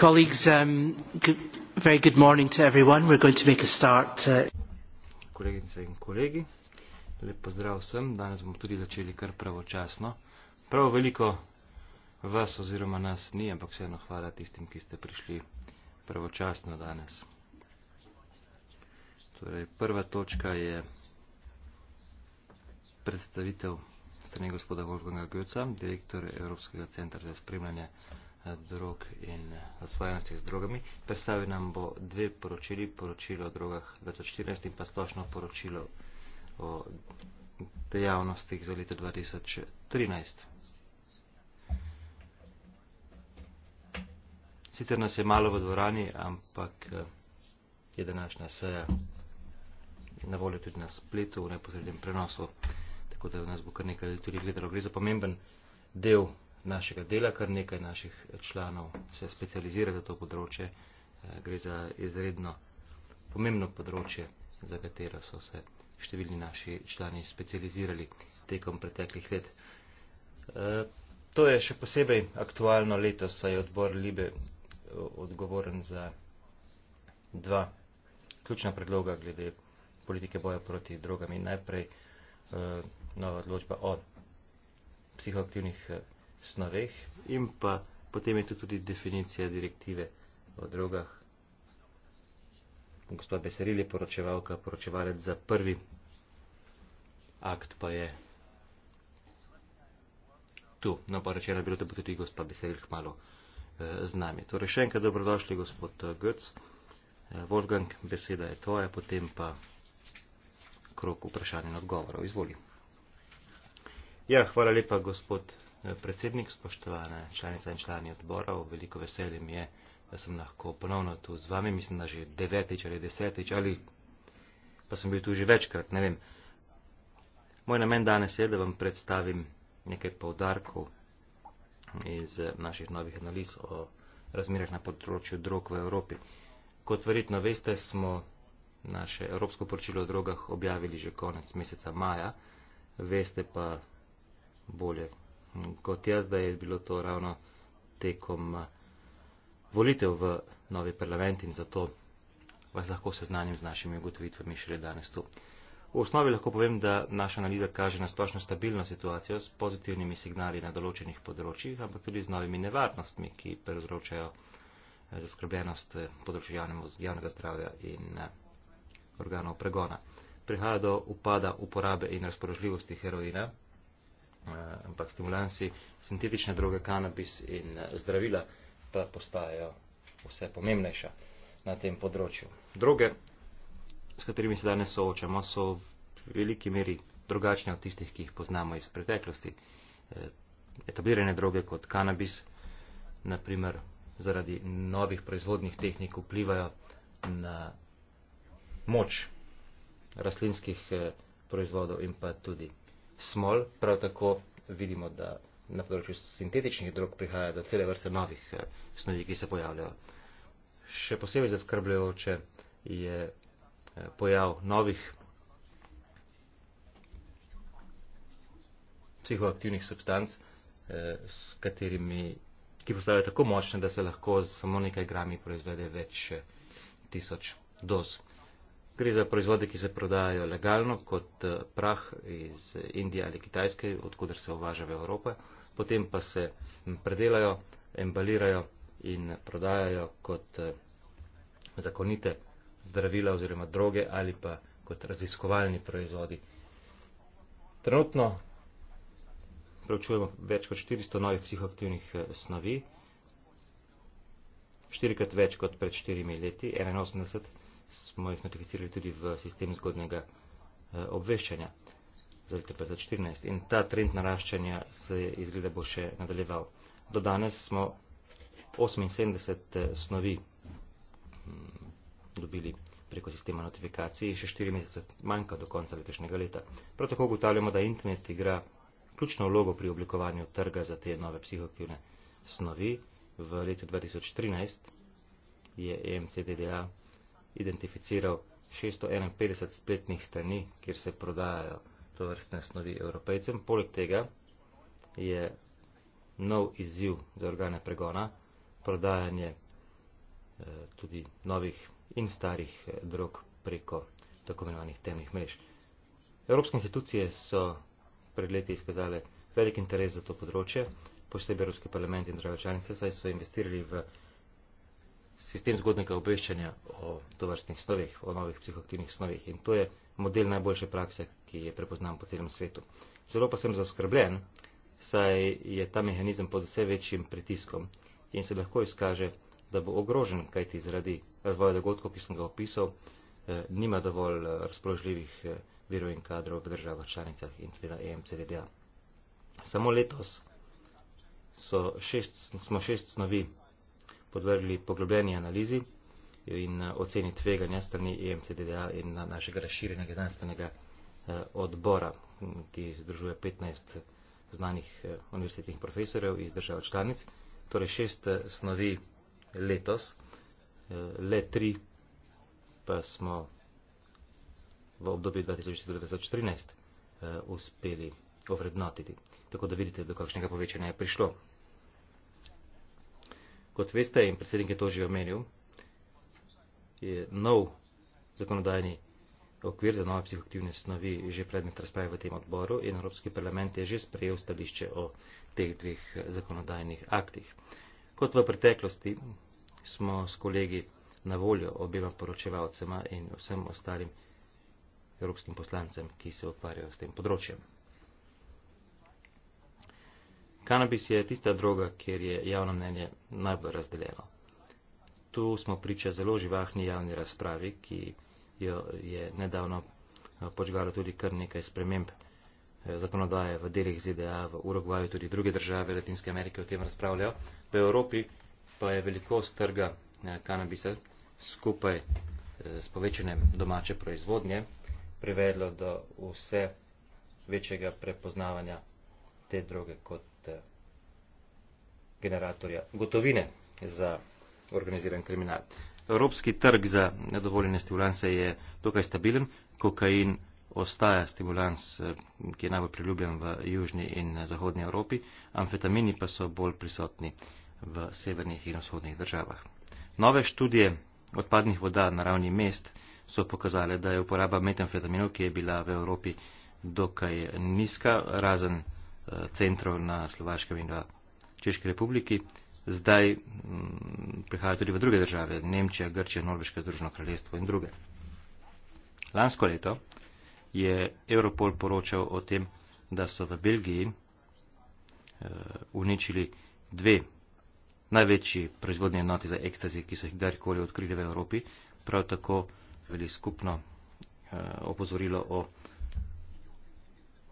colleagues, um, good, very good morning to everyone. We're going to make a start. Uh, Kolegice in kolegi, lep pozdrav vsem. Danes bomo tudi začeli kar pravočasno. Prav veliko vas oziroma nas ni, ampak vseeno hvala tistim, ki ste prišli pravočasno danes. Torej, prva točka je predstavitev strani gospoda Wolfganga Goetza, direktor Evropskega centra za spremljanje drog in osvojenosti z drogami. Predstavil nam bo dve poročili, poročilo o drogah 2014 in pa splošno poročilo o dejavnostih za leto 2013. Sicer nas je malo v dvorani, ampak je današnja seja na voljo tudi na spletu v neposrednjem prenosu, tako da v nas bo kar nekaj tudi gledalo. Gre za pomemben del našega dela, kar nekaj naših članov se specializira za to področje. Eh, gre za izredno pomembno področje, za katero so se številni naši člani specializirali tekom preteklih let. Eh, to je še posebej aktualno leto, saj je odbor Libe eh, odgovoren za dva ključna predloga glede politike boja proti drogam in najprej nova odločba o psihoaktivnih snoveh in pa potem je tu tudi definicija direktive o drogah. Gospa Beseril je poročevalka, poročevalec za prvi akt pa je tu. No, pa rečeno je bilo, da bo tudi gospa Beseril hmalo eh, z nami. Torej, še enkrat dobrodošli, gospod eh, Götz. Eh, Wolfgang, beseda je tvoja, potem pa krok vprašanj in odgovorov. Izvoli. Ja, hvala lepa, gospod Eh, predsednik, spoštovane članice in člani odbora, veliko veselje mi je, da sem lahko ponovno tu z vami, mislim, da že devetič ali desetič ali pa sem bil tu že večkrat, ne vem. Moj namen danes je, da vam predstavim nekaj povdarkov iz eh, naših novih analiz o razmerah na področju drog v Evropi. Kot verjetno veste, smo naše Evropsko poročilo o drogah objavili že konec meseca maja, veste pa bolje kot jaz, da je bilo to ravno tekom eh, volitev v novi parlament in zato vas lahko seznanim z našimi ugotovitvami šele danes tu. V osnovi lahko povem, da naša analiza kaže na splošno stabilno situacijo s pozitivnimi signali na določenih področjih, ampak tudi z novimi nevarnostmi, ki prevzročajo eh, zaskrbljenost eh, področja javnega zdravja in organov pregona. Prihaja do upada uporabe in razpoložljivosti heroina, Eh, ampak stimulansi, sintetične droge, kanabis in eh, zdravila pa postajajo vse pomembnejša na tem področju. Droge, s katerimi se danes soočamo, so v veliki meri drugačne od tistih, ki jih poznamo iz preteklosti. Eh, etablirane droge kot kanabis, naprimer, zaradi novih proizvodnih tehnik vplivajo na moč rastlinskih proizvodov in pa tudi smol, prav tako vidimo, da na področju sintetičnih drog prihaja do cele vrste novih eh, snovi, ki se pojavljajo. Še posebej zaskrbljujoče je eh, pojav novih psihoaktivnih substanc, eh, s katerimi, ki postavljajo tako močne, da se lahko z samo nekaj grami proizvede več tisoč doz. Gre za proizvode, ki se prodajajo legalno kot eh, prah iz Indije ali Kitajske, odkuder se uvaža v Evropo, potem pa se predelajo, embalirajo in prodajajo kot eh, zakonite zdravila oziroma droge ali pa kot raziskovalni proizvodi. Trenutno preučujemo več kot 400 novih psihoaktivnih eh, snovi, štirikrat več kot pred štirimi leti, 81 smo jih notificirali tudi v sistem zgodnega eh, obveščanja za leto 2014 in ta trend naraščanja se je izgleda bo še nadaljeval. Do danes smo 78 eh, snovi mm, dobili preko sistema notifikacij in še 4 mesece manjka do konca letošnjega leta. Prav tako ugotavljamo, da internet igra ključno vlogo pri oblikovanju trga za te nove psihoaktivne snovi. V letu 2013 je EMCDDA identificiral 651 spletnih strani, kjer se prodajajo to vrstne snovi evropejcem. Poleg tega je nov izziv za organe pregona prodajanje eh, tudi novih in starih eh, drog preko tako imenovanih temnih mrež. Evropske institucije so pred leti izkazale velik interes za to področje, posebej Evropski parlament in države članice saj so investirali v sistem zgodnega obveščanja o tovrstnih snovih, o novih psihoaktivnih snovih. In to je model najboljše prakse, ki je prepoznan po celem svetu. Zelo pa sem zaskrbljen, saj je ta mehanizem pod vse večjim pritiskom in se lahko izkaže, da bo ogrožen, kajti zaradi razvoja dogodkov, ki sem ga opisal, eh, nima dovolj eh, razpoložljivih eh, virov in kadrov v državah članicah in tudi na EMCDDA. Samo letos so šest, smo šest snovi podvrgli poglobljeni analizi in eh, oceni tveganja strani EMCDDA in na eh, našega razširjenega znanstvenega eh, odbora, ki združuje 15 znanih univerzitetnih profesorjev iz držav članic, torej šest snovi letos, le tri pa smo v obdobju 2014 uspeli ovrednotiti. Tako da vidite, do kakšnega povečanja je prišlo. Kot veste in predsednik je to že omenil, je nov zakonodajni okvir za nove psihoktivne snovi že predmet razprave v tem odboru in Evropski parlament je že sprejel stališče o teh dveh zakonodajnih aktih. Kot v preteklosti smo s kolegi na voljo obema poročevalcema in vsem ostalim evropskim poslancem, ki se ukvarjajo s tem področjem. Kanabis je tista droga, kjer je javno mnenje najbolj razdeljeno. Tu smo priča zelo živahni javni razpravi, ki jo je nedavno eh, počgalo tudi kar nekaj sprememb eh, zakonodaje v delih ZDA, v Urugvaju, tudi druge države Latinske Amerike o tem razpravljajo. V Evropi pa je velikost trga kanabisa eh, skupaj s povečanjem domače proizvodnje privedlo do vse večjega prepoznavanja te droge kot generatorja gotovine za organiziran kriminal. Evropski trg za nedovoljene stimulanse je dokaj stabilen, kokain ostaja stimulans, eh, ki je najbolj priljubljen v južni in eh, zahodni Evropi, amfetamini pa so bolj prisotni v severnih in vzhodnih državah. Nove študije odpadnih voda na ravni mest so pokazale, da je uporaba metamfetaminov, ki je bila v Evropi dokaj nizka, razen eh, centrov na Slovaškem in Češke republiki, zdaj mm, prihajajo tudi v druge države, Nemčija, Grčija, Norveška, Združeno kraljestvo in druge. Lansko leto je Europol poročal o tem, da so v Belgiji eh, uničili dve največji proizvodni enoti za ekstazi, ki so jih kdajkoli odkrili v Evropi, prav tako veli skupno eh, opozorilo o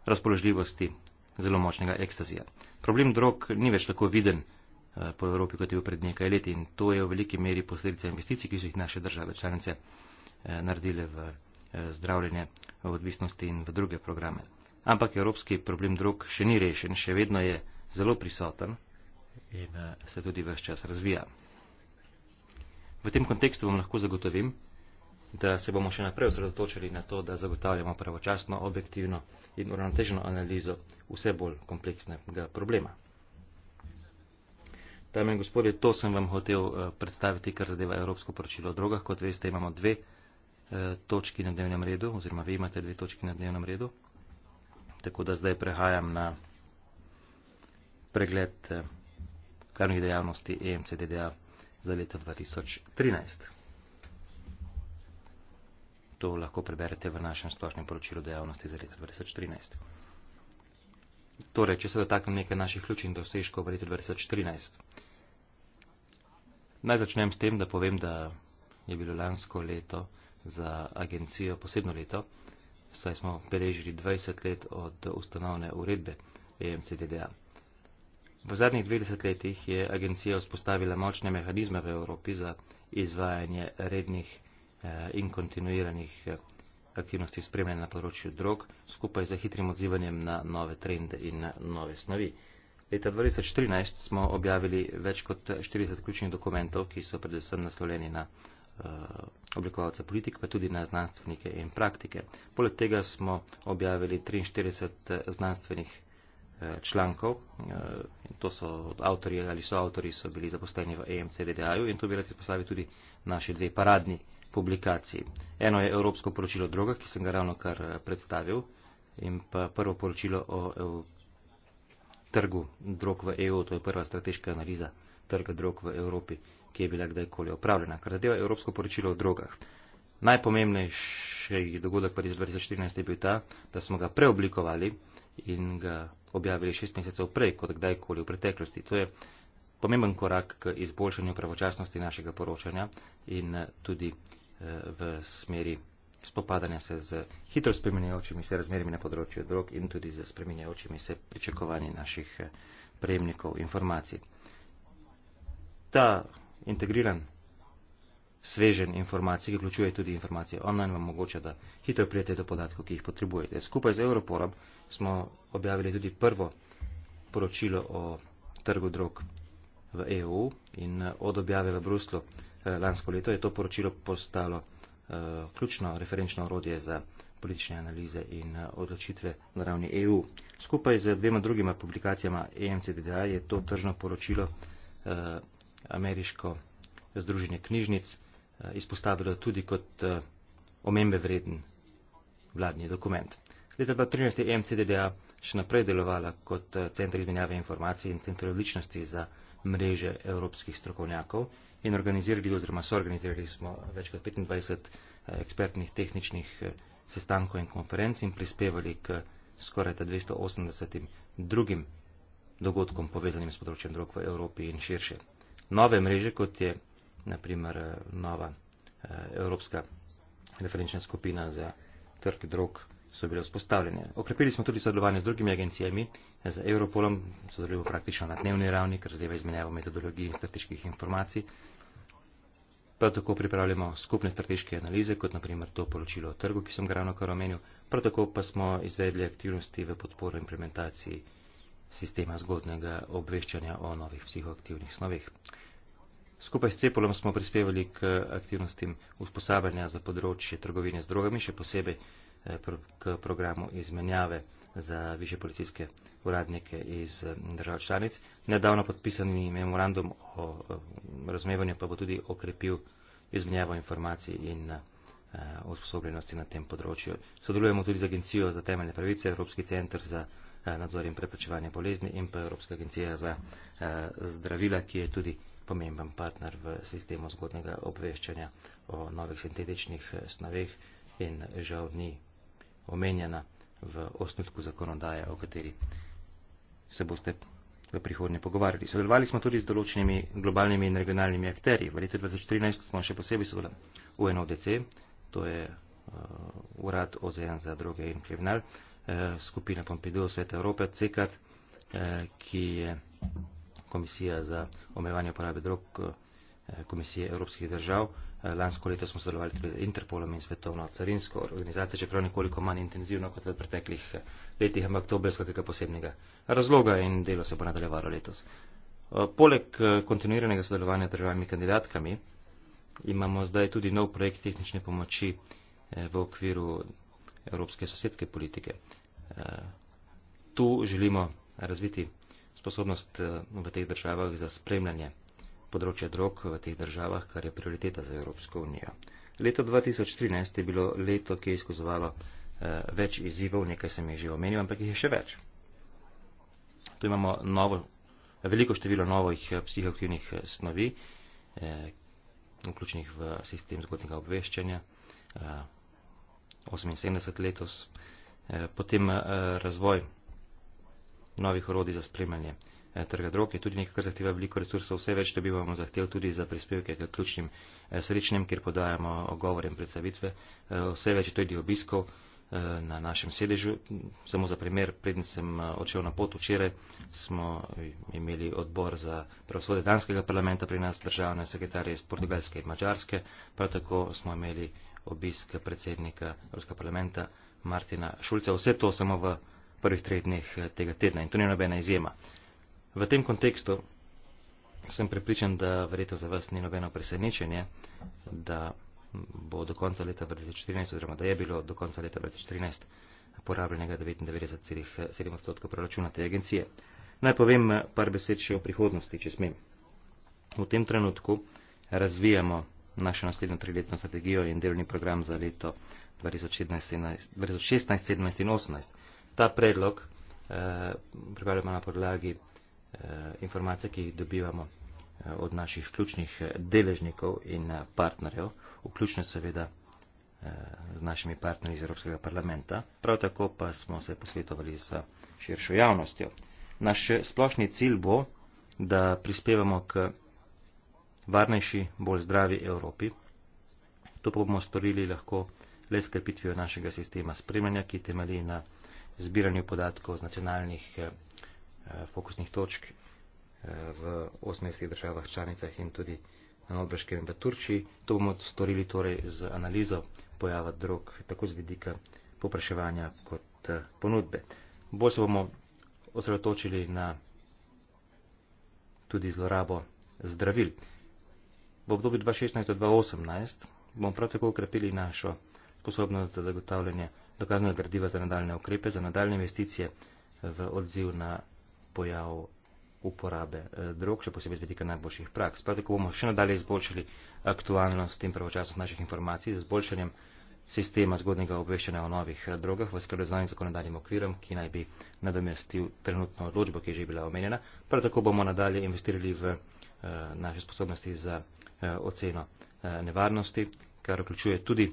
razpoložljivosti zelo močnega ekstazija. Problem drog ni več tako viden eh, po Evropi, kot je bil pred nekaj leti in to je v veliki meri posledica investicij, ki so jih naše države članice eh, naredile v eh, zdravljenje, v odvisnosti in v druge programe. Ampak evropski problem drog še ni rešen, še vedno je zelo prisoten in se tudi vse čas razvija. V tem kontekstu vam lahko zagotovim, da se bomo še naprej osredotočili na to, da zagotavljamo pravočasno, objektivno in uravnoteženo analizo vse bolj kompleksnega problema. Dame in gospodje, to sem vam hotel eh, predstaviti, kar zadeva Evropsko poročilo o drogah. Kot veste, imamo dve eh, točki na dnevnem redu, oziroma vi imate dve točki na dnevnem redu. Tako da zdaj prehajam na pregled glavnih eh, dejavnosti EMCDDA za leto 2013. To lahko preberete v našem splošnem poročilu dejavnosti za leto 2013. Torej, če se dotaknem nekaj naših ključnih dosežkov v letu 2014. Naj začnem s tem, da povem, da je bilo lansko leto za agencijo posebno leto, saj smo beležili 20 let od ustanovne uredbe EMCDDA. V zadnjih 20 letih je agencija vzpostavila močne mehanizme v Evropi za izvajanje rednih Eh, in kontinuiranih eh, aktivnosti spremljanja na področju drog, skupaj za hitrim odzivanjem na nove trende in nove snovi. Leta 2014 smo objavili več kot 40 ključnih dokumentov, ki so predvsem naslovljeni na eh, oblikovalca politik, pa tudi na znanstvenike in praktike. Poleg tega smo objavili 43 znanstvenih člankov, to so avtori ali so avtori, so bili zaposleni v EMCDDA-ju in to bi rad izpostavili tudi naši dve paradni publikacij. Eno je Evropsko poročilo o drogah, ki sem ga ravno kar eh, predstavil, in pa prvo poročilo o EU, trgu drog v EU, to je prva strateška analiza trga drog v Evropi, ki je bila kdajkoli opravljena. Kar zadeva Evropsko poročilo o drogah. Najpomembnejši dogodek v 2014 je bil ta, da smo ga preoblikovali in ga objavili šest mesecev prej, kot kdajkoli v preteklosti. To je pomemben korak k izboljšanju pravočasnosti našega poročanja in eh, tudi v smeri spopadanja se z hitro spremenjajočimi se razmerami na področju drog in tudi z spremenjajočimi se pričakovanji naših eh, prejemnikov informacij. Ta integriran svežen informacij, ki vključuje tudi informacije online, vam omogoča, da hitro prijete do podatkov, ki jih potrebujete. Skupaj z Europorom smo objavili tudi prvo poročilo o trgu drog v EU in eh, od objave v Bruslu eh, lansko leto je to poročilo postalo eh, ključno referenčno orodje za politične analize in odločitve na ravni EU. Skupaj z dvema drugima publikacijama EMCDDA je to tržno poročilo Ameriško združenje knjižnic izpostavilo tudi kot omembe vreden vladni dokument. Leta 2013 je EMCDDA še naprej delovala kot center izmenjave informacij in center odličnosti za mreže evropskih strokovnjakov in organizirali oziroma so organizirali smo več kot 25 eh, ekspertnih tehničnih eh, sestankov in konferenc in prispevali k skoraj 280 drugim dogodkom povezanim s področjem drog v Evropi in širše. Nove mreže, kot je naprimer eh, nova evropska referenčna skupina za trg drog so bile vzpostavljene. Okrepili smo tudi sodelovanje z drugimi agencijami, z Europolom, sodelujemo praktično na dnevni ravni, kar zadeva izmenjavo metodologij in strateških informacij. Prav tako pripravljamo skupne strateške analize, kot naprimer to poročilo o trgu, ki sem ga ravno kar omenil. Prav tako pa smo izvedli aktivnosti v podporo implementaciji sistema zgodnega obveščanja o novih psihoaktivnih snovih. Skupaj s Cepolom smo prispevali k aktivnostim usposabljanja za področje trgovine z drogami, še posebej Eh, k programu izmenjave za više policijske uradnike iz mm, držav članic. Nedavno podpisani memorandum o eh, razumevanju pa bo tudi okrepil izmenjavo informacij in eh, usposobljenosti na tem področju. Sodelujemo tudi z Agencijo za temeljne pravice, Evropski centr za nadzor in preprečevanje bolezni in pa Evropska agencija za zdravila, ki je tudi pomemben partner v sistemu zgodnega obveščanja o novih sintetičnih snoveh in žal ni omenjena v osnutku zakonodaje, o kateri se boste v prihodnje pogovarjali. Sodelovali smo tudi z določenimi globalnimi in regionalnimi akterji. V letu 2014 smo še posebej sodelovali v UNODC, to je uh, Urad OZN za droge in kriminal, uh, skupina Pompidou Sveta Evrope, CECAT, uh, ki je komisija za omejevanje uporabe drog, uh, komisije evropskih držav. Uh, Eh, lansko leto smo sodelovali tudi z Interpolom in svetovno carinsko organizacijo, čeprav nekoliko manj intenzivno kot v preteklih eh, letih, ampak to brez kakega posebnega razloga in delo se bo nadaljevalo letos. Eh, poleg kontinuiranega sodelovanja z državnimi kandidatkami imamo zdaj tudi nov projekt tehnične pomoči v okviru Evropske sosedske politike. Tu želimo razviti sposobnost v teh državah za spremljanje področja drog v teh državah, kar je prioriteta za Evropsko unijo. Leto 2013 je bilo leto, ki je izkazovalo eh, več izzivov, nekaj sem jih že omenil, ampak jih je še več. Tu imamo novo, veliko število novih eh, psihoaktivnih eh, snovi, eh, vključenih v sistem zgodnega obveščanja, eh, 78 letos, eh, potem eh, razvoj novih orodij za spremljanje. Eh, trga drog je tudi nekaj, kar zahteva veliko resursov, vse več dobivamo zahtev tudi za prispevke k ključnim eh, srečnim, kjer podajamo ogovore in predstavitve, eh, vse več je tudi obiskov na našem sedežu. Samo za primer, predn sem odšel na pot včeraj, smo imeli odbor za pravosodje Danskega parlamenta pri nas, državne sekretarje iz Portugalske in Mačarske, prav tako smo imeli obisk predsednika Evropskega parlamenta Martina Šulca. Vse to samo v prvih treh dneh tega tedna in to ni nobena izjema. V tem kontekstu sem prepričan, da verjetno za vas ni nobeno presenečenje, da bo do konca leta 2014, oziroma da je bilo do konca leta 2014 porabljenega 99,7 odstotka proračuna te agencije. Naj povem eh, par besed še o prihodnosti, če smem. V tem trenutku razvijamo našo naslednjo triletno strategijo in delovni program za leto 2016, 2017 in 2018. Ta predlog eh, pripravljamo na podlagi Eh, informacije, ki jih dobivamo eh, od naših ključnih eh, deležnikov in partnerjev, vključno seveda z našimi partnerji iz Evropskega parlamenta. Prav tako pa smo se posvetovali z širšo javnostjo. Naš splošni cilj bo, da prispevamo k varnejši, bolj zdravi Evropi. To pa bomo storili lahko le skrpitvijo našega sistema spremljanja, ki temelji na zbiranju podatkov z nacionalnih Eh, fokusnih točk eh, v 18 državah članicah in tudi na Nordveškem v Turčiji. To bomo storili torej z analizo pojava drog tako z vidika popraševanja kot eh, ponudbe. Bolj se bomo osredotočili na tudi zlorabo zdravil. V obdobju 2016-2018 bomo prav tako ukrepili našo sposobnost za zagotavljanje dokaznega gradiva za nadaljne ukrepe, za nadaljne investicije v odziv na pojav uporabe eh, drog, še posebej z vedika najboljših praks. Prav tako bomo še nadalje izboljšali aktualnost in pravočasnost naših informacij z izboljšanjem sistema zgodnega obveščanja o novih eh, drogah v skladu z novim zakonodajnim okvirom, ki naj bi nadomestil trenutno odločbo, ki je že bila omenjena. Prav tako bomo nadalje investirali v eh, naše sposobnosti za oceno nevarnosti, kar vključuje tudi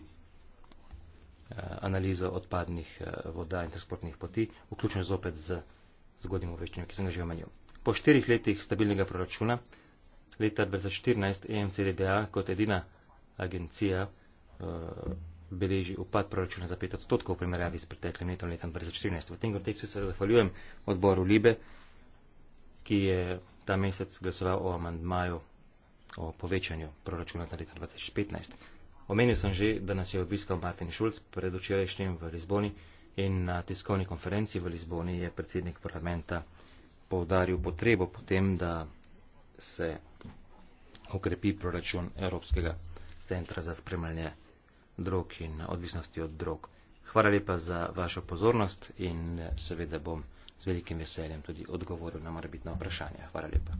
analizo odpadnih voda in transportnih poti, vključno zopet z zgodnjemu večnju, ki sem ga že omenil. Po štirih letih stabilnega proračuna, leta 2014 EMCDDA kot edina agencija uh, beleži upad proračuna za 5 odstotkov v primerjavi s preteklim letom letom 2014. V tem kontekstu se zahvaljujem odboru Libe, ki je ta mesec glasoval o amandmaju o povečanju proračuna za leto 2015. Omenil sem že, da nas je obiskal Martin Šulc predvčerajšnjim v Lizboni in na tiskovni konferenci v Lizboni je predsednik parlamenta povdaril potrebo potem, da se okrepi proračun Evropskega centra za spremljanje drog in odvisnosti od drog. Hvala lepa za vašo pozornost in seveda bom z velikim veseljem tudi odgovoril na morebitno vprašanje. Hvala lepa.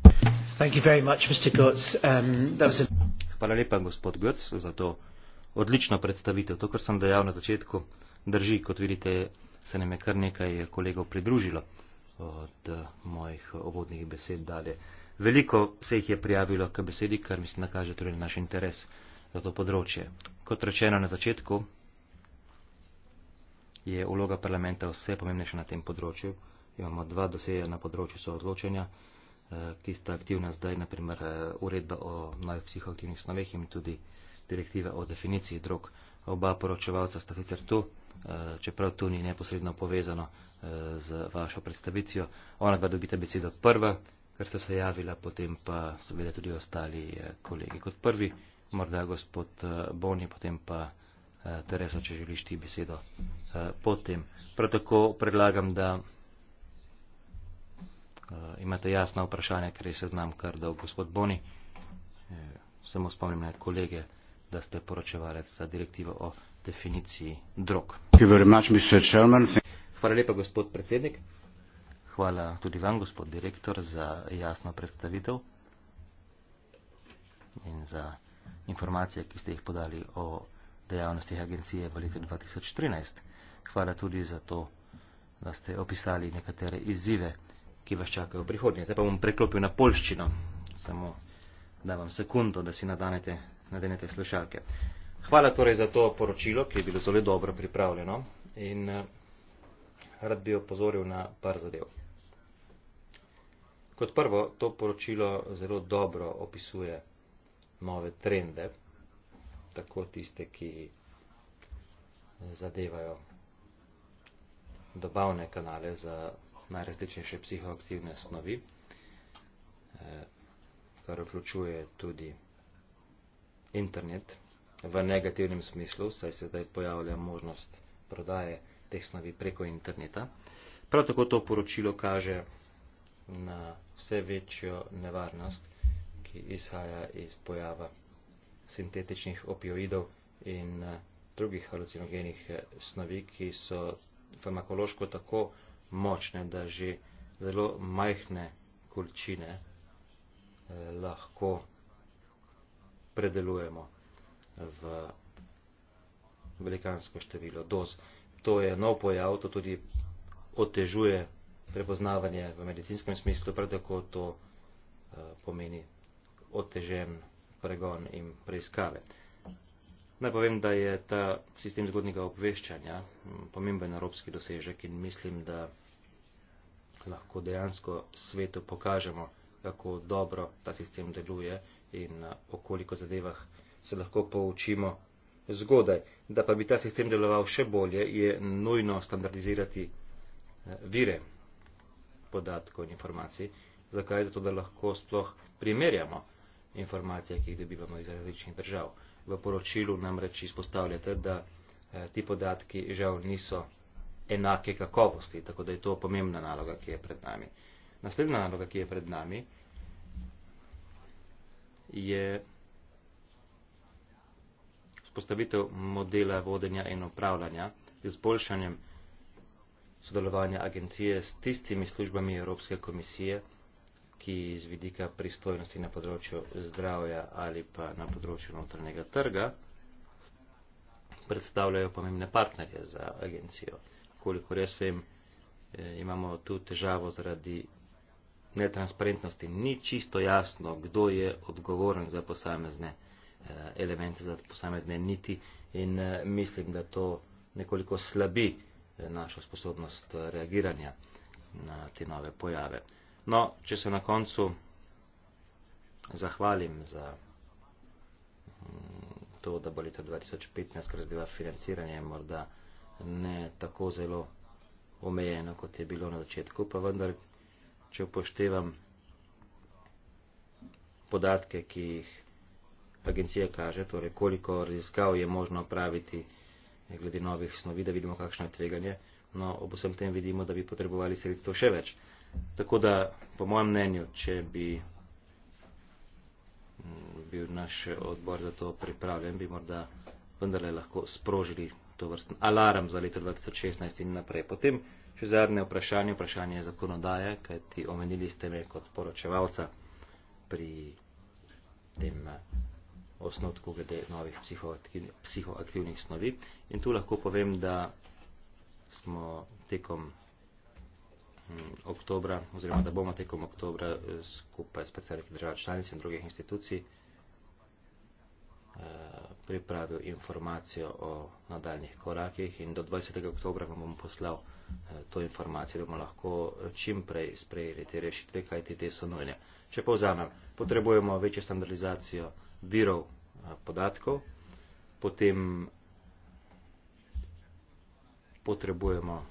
Thank you very much, Mr. Götz. Um, that was a... Hvala lepa, gospod Götz, za to odlično predstavitev. To, kar sem dejal na začetku, drži, kot vidite, se nam je kar nekaj kolegov pridružilo od mojih uvodnih besed dalje. Veliko se jih je prijavilo k besedi, kar mislim, da kaže tudi torej naš interes za to področje. Kot rečeno na začetku, je uloga parlamenta vse pomembnejša na tem področju. Imamo dva doseja na področju soodločanja, eh, ki sta aktivna zdaj, naprimer eh, uredba o novih psihoaktivnih snoveh in tudi direktiva o definiciji drog. Oba poročevalca sta sicer tu, Eh, čeprav to ni neposredno povezano eh, z vašo predstavitvijo. Ona pa dobite besedo prva, ker ste se javila, potem pa seveda tudi ostali eh, kolegi. Kot prvi, morda gospod Boni, potem pa Teresa, če želiš ti besedo potem. Prav tako predlagam, da imate jasna vprašanja, ker se znam kar dolg gospod Boni. Samo spomnim na kolege, da ste poročevalec za direktivo o definiciji drog. Hvala lepa, gospod predsednik. Hvala tudi vam, gospod direktor, za jasno predstavitev in za informacije, ki ste jih podali o dejavnostih agencije v letu 2013. Hvala tudi za to, da ste opisali nekatere izzive, ki vas čakajo v prihodnje. Zdaj pa bom preklopil na polščino. Samo da vam sekundo, da si nadanete, nadanete slušalke. Hvala torej za to poročilo, ki je bilo zelo dobro pripravljeno in eh, rad bi opozoril na par zadev. Kot prvo, to poročilo zelo dobro opisuje nove trende, tako tiste, ki zadevajo dobavne kanale za najrazličnejše psihoaktivne snovi, eh, kar vključuje tudi internet v negativnem smislu, saj se zdaj pojavlja možnost prodaje teh snovi preko interneta. Prav tako to poročilo kaže na vse večjo nevarnost, ki izhaja iz pojava sintetičnih opioidov in eh, drugih halucinogenih eh, snovi, ki so farmakološko tako močne, da že zelo majhne količine eh, lahko predelujemo v velikansko število doz. To je nov pojav, to tudi otežuje prepoznavanje v medicinskem smislu, prav tako to eh, pomeni otežen pregon in preiskave. Naj povem, da je ta sistem zgodnega obveščanja mm, pomemben evropski dosežek in mislim, da lahko dejansko svetu pokažemo, kako dobro ta sistem deluje in o eh, koliko zadevah se lahko poučimo zgodaj. Da pa bi ta sistem deloval še bolje, je nujno standardizirati eh, vire podatkov in informacij. Zakaj? Zato, da lahko sploh primerjamo informacije, ki jih dobivamo iz različnih držav. V poročilu namreč izpostavljate, da eh, ti podatki žal niso enake kakovosti, tako da je to pomembna naloga, ki je pred nami. Naslednja naloga, ki je pred nami, je vzpostavitev modela vodenja in upravljanja z izboljšanjem sodelovanja agencije s tistimi službami Evropske komisije, ki iz vidika pristojnosti na področju zdravja ali pa na področju notranjega trga predstavljajo pomembne partnerje za agencijo. Koliko res vem, eh, imamo tu težavo zaradi netransparentnosti. Ni čisto jasno, kdo je odgovoren za posamezne. Eh, elemente za posamezne niti in eh, mislim, da to nekoliko slabi eh, našo sposobnost reagiranja na te nove pojave. No, če se na koncu zahvalim za mm, to, da bo leta 2015 razdeva financiranje morda ne tako zelo omejeno, kot je bilo na začetku, pa vendar, če upoštevam podatke, ki jih agencija kaže, torej koliko raziskav je možno opraviti glede novih snovi, da vidimo, kakšno je tveganje, no ob vsem tem vidimo, da bi potrebovali sredstvo še več. Tako da, po mojem mnenju, če bi mm, bil naš odbor za to pripravljen, bi morda vendarle lahko sprožili to vrstno alarm za leto 2016 in naprej. Potem še zadnje vprašanje, vprašanje zakonodaje, kajti omenili ste me kot poročevalca pri tem osnotku glede novih psihoaktivnih snovi. In tu lahko povem, da smo tekom hm, oktobra, oziroma da bomo tekom oktobra eh, skupaj s predstavniki držav članic in drugih institucij eh, pripravil informacijo o nadaljnih korakih in do 20. oktobra vam bom poslal eh, to informacijo, da bomo lahko čim prej sprejeli te rešitve, kaj te, te so nujne. Če povzamem, potrebujemo večjo standardizacijo virov podatkov, potem potrebujemo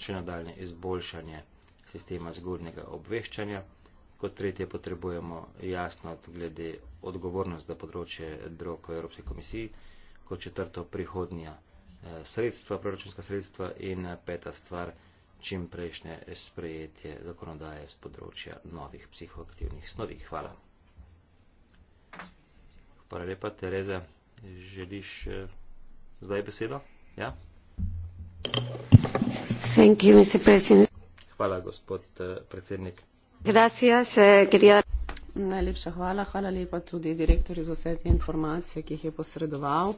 še nadaljne izboljšanje sistema zgodnjega obveščanja. Kot tretje potrebujemo jasno glede odgovornost za področje drog v Evropski komisiji, kot četrto prihodnja e, sredstva, proračunska sredstva in peta stvar, čim prejšnje sprejetje zakonodaje z področja novih psihoaktivnih snovi. Hvala. Hvala lepa, Tereza. Želiš eh, zdaj besedo? Ja? Thank you, Mr. President. Hvala, gospod eh, predsednik. Gracias, eh, querida. Najlepša hvala, hvala lepa tudi direktorju za vse te informacije, ki jih je posredoval.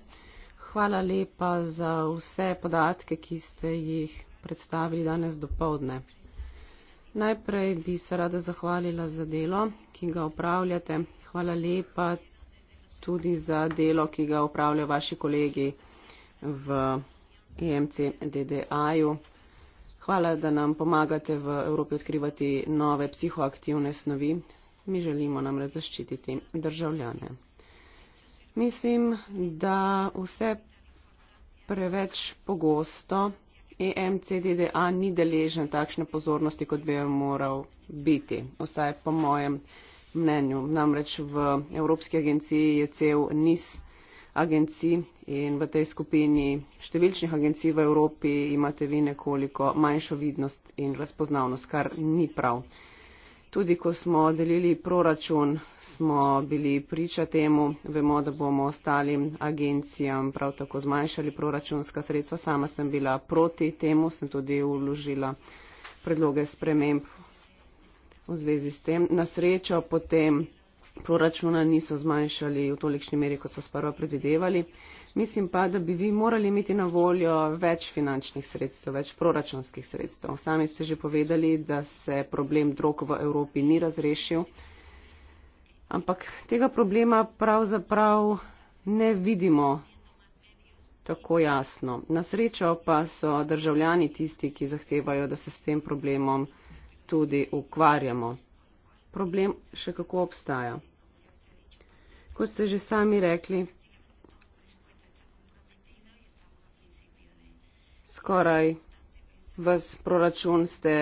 Hvala lepa za vse podatke, ki ste jih predstavili danes do povdne. Najprej bi se rada zahvalila za delo, ki ga upravljate. Hvala lepa tudi za delo, ki ga upravljajo vaši kolegi v EMC DDA-ju. Hvala, da nam pomagate v Evropi odkrivati nove psihoaktivne snovi. Mi želimo namreč zaščititi državljane. Mislim, da vse preveč pogosto EMCDDA ni deležen takšne pozornosti, kot bi jo moral biti, vsaj po mojem mnenju. Namreč v Evropski agenciji je cel niz agencij in v tej skupini številčnih agencij v Evropi imate vi nekoliko manjšo vidnost in razpoznavnost, kar ni prav. Tudi ko smo delili proračun, smo bili priča temu, vemo, da bomo ostalim agencijam prav tako zmanjšali proračunska sredstva. Sama sem bila proti temu, sem tudi uložila predloge sprememb v zvezi s tem. Na srečo potem proračuna niso zmanjšali v tolikšni meri, kot so sprva predvidevali. Mislim pa, da bi vi morali imeti na voljo več finančnih sredstev, več proračunskih sredstev. Sami ste že povedali, da se problem drog v Evropi ni razrešil, ampak tega problema pravzaprav ne vidimo tako jasno. Na srečo pa so državljani tisti, ki zahtevajo, da se s tem problemom tudi ukvarjamo. Problem še kako obstaja. Kot ste že sami rekli, skoraj vas proračun ste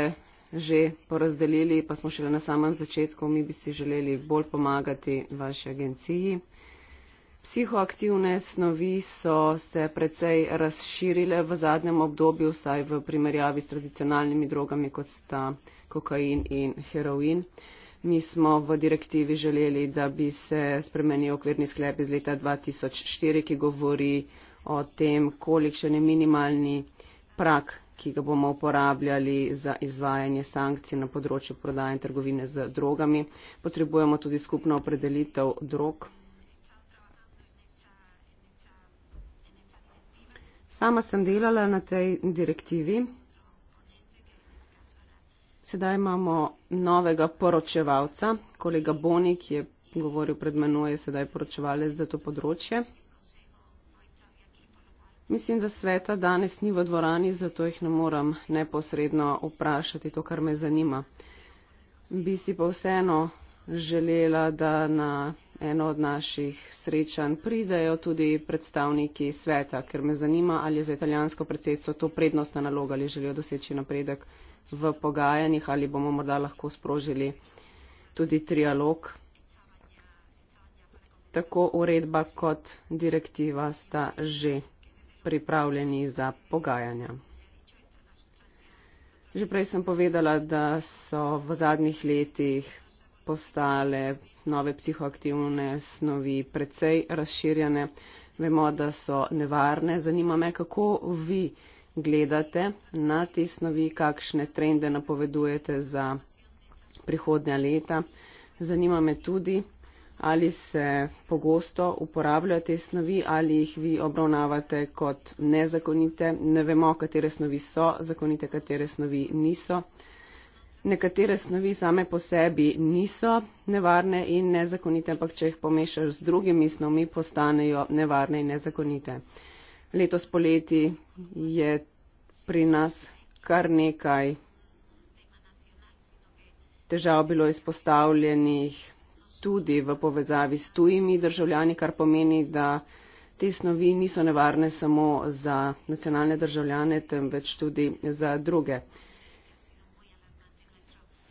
že porazdelili, pa smo šele na samem začetku, mi bi si želeli bolj pomagati vaši agenciji. Psihoaktivne snovi so se precej razširile v zadnjem obdobju, saj v primerjavi s tradicionalnimi drogami, kot sta kokain in heroin. Mi smo v direktivi želeli, da bi se spremenil okvirni sklep iz leta 2004, ki govori o tem, kolikšen je minimalni prak, ki ga bomo uporabljali za izvajanje sankcij na področju prodaje in trgovine z drogami. Potrebujemo tudi skupno opredelitev drog Sama sem delala na tej direktivi. Sedaj imamo novega poročevalca, kolega Boni, ki je govoril pred menoj, je sedaj poročevalec za to področje. Mislim, da sveta danes ni v dvorani, zato jih ne moram neposredno vprašati to, kar me zanima. Bi si pa vseeno želela, da na eno od naših srečanj pridejo tudi predstavniki sveta, ker me zanima, ali je za italijansko predsedstvo to prednostna naloga, ali želijo doseči napredek v pogajanjih, ali bomo morda lahko sprožili tudi trialog. Tako uredba kot direktiva sta že pripravljeni za pogajanja. Že prej sem povedala, da so v zadnjih letih postale nove psihoaktivne snovi precej razširjene. Vemo, da so nevarne. Zanima me, kako vi gledate na te snovi, kakšne trende napovedujete za prihodnja leta. Zanima me tudi, ali se pogosto uporabljajo te snovi, ali jih vi obravnavate kot nezakonite. Ne vemo, katere snovi so zakonite, katere snovi niso nekatere snovi same po sebi niso nevarne in nezakonite, ampak če jih pomešaš z drugimi snovmi, postanejo nevarne in nezakonite. Letos poleti je pri nas kar nekaj težav bilo izpostavljenih tudi v povezavi s tujimi državljani, kar pomeni, da te snovi niso nevarne samo za nacionalne državljane, temveč tudi za druge.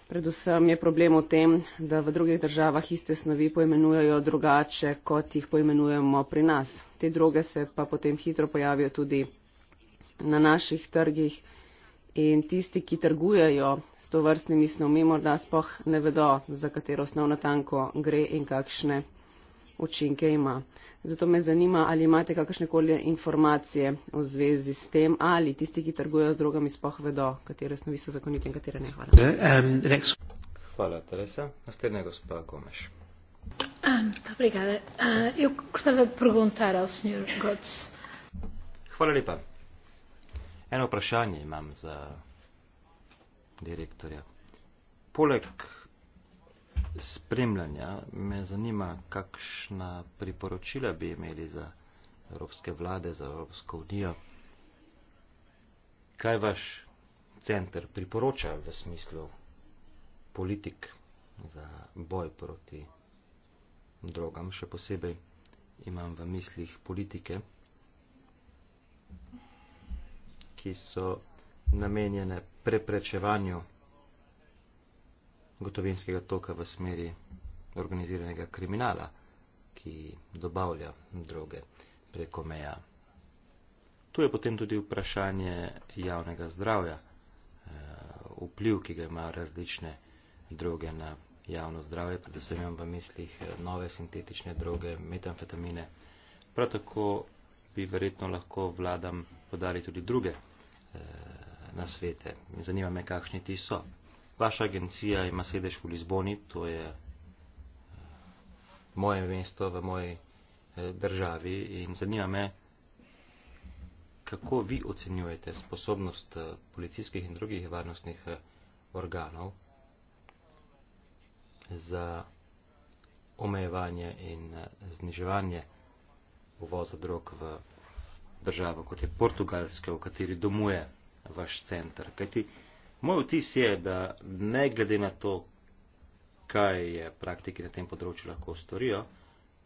Predvsem je problem v tem, da v drugih državah iste snovi poimenujejo drugače, kot jih poimenujemo pri nas. Te droge se pa potem hitro pojavijo tudi na naših trgih in tisti, ki trgujejo s to vrstnimi snovmi, morda spoh ne vedo, za katero snov natanko gre in kakšne učinke ima zato me zanima, ali imate kakršne koli informacije v zvezi s tem, ali tisti, ki trgujejo z drogami, spoh vedo, katere snovi so zakonite in katere ne. Hvala. Eh, Hvala, Teresa. Naslednja gospa Gomeš. Ah, ah, Hvala lepa. Eno vprašanje imam za direktorja. Poleg spremljanja, me zanima, kakšna priporočila bi imeli za evropske vlade, za Evropsko unijo. Kaj vaš center priporoča v smislu politik za boj proti drogam, še posebej imam v mislih politike, ki so namenjene preprečevanju gotovinskega toka v smeri organiziranega kriminala, ki dobavlja droge preko meja. Tu je potem tudi vprašanje javnega zdravja, eh, vpliv, ki ga imajo različne droge na javno zdravje, predvsem imam v mislih eh, nove sintetične droge, metamfetamine. Prav tako bi verjetno lahko vladam podali tudi druge eh, na svete. Zanima me, kakšni ti so. Vaša agencija ima sedež v Lizboni, to je eh, moje mesto v moji eh, državi in zanima me, kako vi ocenjujete sposobnost eh, policijskih in drugih varnostnih organov za omejevanje in zniževanje uvoza drog v državo, kot je Portugalska, v kateri domuje vaš center. Kajti, Moj vtis je, da ne glede na to, kaj je praktiki na tem področju lahko storijo,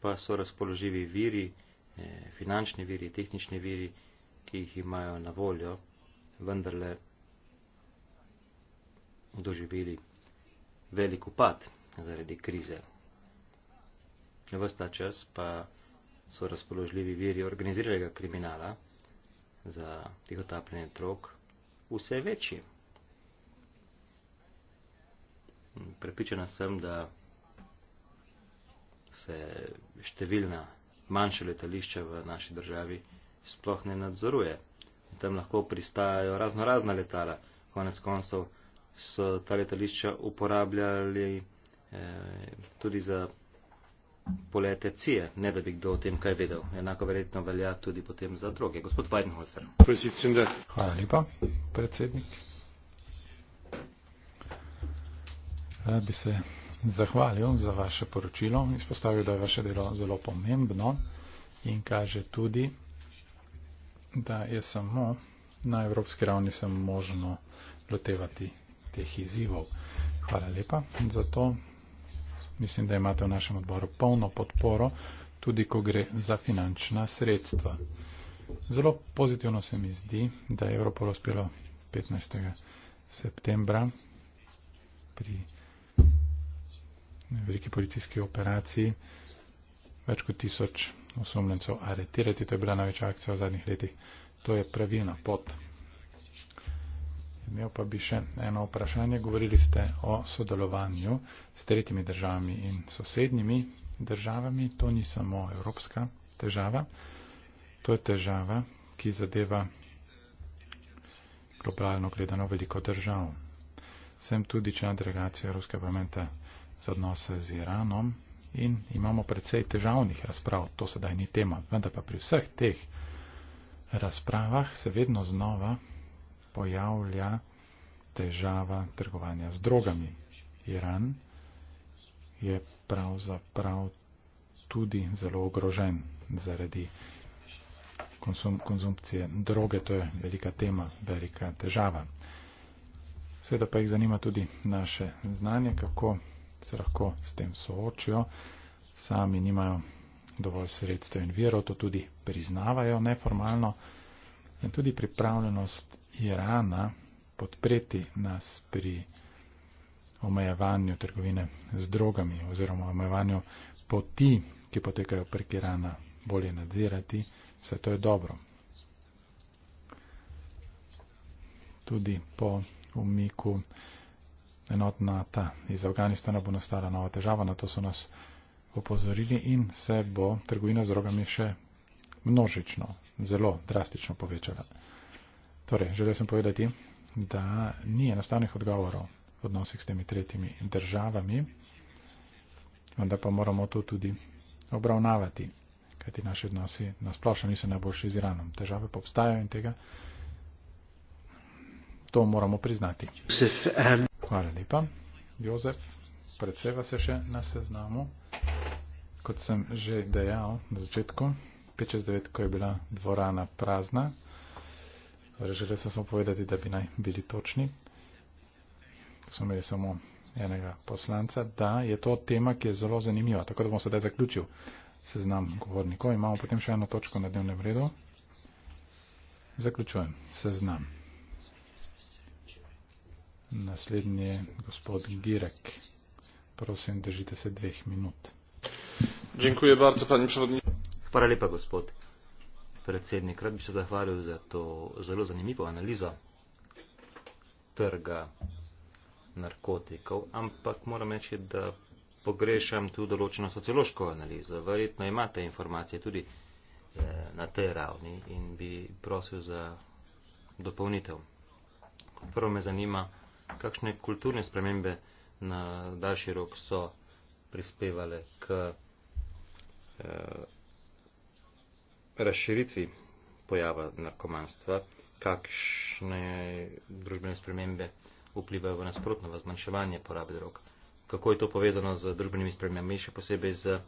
pa so razpoloživi viri, eh, finančni viri, tehnični viri, ki jih imajo na voljo, vendarle doživeli velik upad zaradi krize. Vsta čas pa so razpoložljivi viri organiziranega kriminala za tihotapljenje trok vse večji. Prepričana sem, da se številna manjša letališča v naši državi sploh ne nadzoruje. Tam lahko pristajajo razno razna letala. Konec koncev so ta letališča uporabljali eh, tudi za polete cije, ne da bi kdo o tem kaj vedel. Enako verjetno velja tudi potem za droge. Gospod Weidenholzer. Hvala lepa, predsednik. Rad bi se zahvalil za vaše poročilo. Izpostavil, da je vaše delo zelo pomembno in kaže tudi, da je samo na evropski ravni se možno lotevati teh izzivov. Hvala lepa za to. Mislim, da imate v našem odboru polno podporo, tudi ko gre za finančna sredstva. Zelo pozitivno se mi zdi, da je Evropolo uspelo 15. septembra pri veliki policijski operaciji, več kot tisoč osumljencev aretirati, to je bila največja akcija v zadnjih letih. To je pravilna pot. Imel pa bi še eno vprašanje. Govorili ste o sodelovanju s tretjimi državami in sosednjimi državami. To ni samo evropska težava. To je težava, ki zadeva globalno gledano veliko držav. Sem tudi član delegacije Evropskega parlamenta za odnose z Iranom in imamo precej težavnih razprav, to sedaj ni tema, vendar pa pri vseh teh razpravah se vedno znova pojavlja težava trgovanja z drogami. Iran je pravzaprav tudi zelo ogrožen zaradi konsum, konzumpcije droge, to je velika tema, velika težava. Sveda pa jih zanima tudi naše znanje, kako se lahko s tem soočijo, sami nimajo dovolj sredstev in virov, to tudi priznavajo neformalno. In tudi pripravljenost Irana podpreti nas pri omejevanju trgovine z drogami oziroma omejevanju poti, ki potekajo prek Irana, bolje nadzirati, vse to je dobro. Tudi po umiku enotna ta iz Afganistana, bo nastala nova težava, na to so nas opozorili in se bo trgovina z drogami še množično, zelo drastično povečala. Torej, želel sem povedati, da ni enostavnih odgovorov v odnosih s temi tretjimi državami, vendar pa moramo to tudi obravnavati, kajti naši odnosi na splošno niso najboljši z Iranom. Težave pa obstajajo in tega. To moramo priznati. Joseph, um... Hvala lepa. Jozef, predseva se še na seznamu. Kot sem že dejal na začetku, 5 čez 9, ko je bila dvorana prazna, želel sem samo povedati, da bi naj bili točni. To smo imeli samo enega poslanca, da je to tema, ki je zelo zanimiva. Tako da bom sedaj zaključil seznam govornikov. Imamo potem še eno točko na dnevnem redu. Zaključujem seznam. Naslednji je gospod Girek. Prosim, držite se dveh minut. Dziękuję bardzo, panie przewodniczący. Hvala lepa, gospod predsednik. Rad bi se zahvalil za to zelo zanimivo analizo trga narkotikov, ampak moram reči, da pogrešam tu določeno sociološko analizo. Verjetno imate informacije tudi eh, na tej ravni in bi prosil za dopolnitev. Prvo me zanima, kakšne kulturne spremembe na daljši rok so prispevale k eh, razširitvi pojava narkomanstva, kakšne družbene spremembe vplivajo v nasprotno, v zmanjševanje porabe drog, kako je to povezano z družbenimi spremembami, še posebej z eh,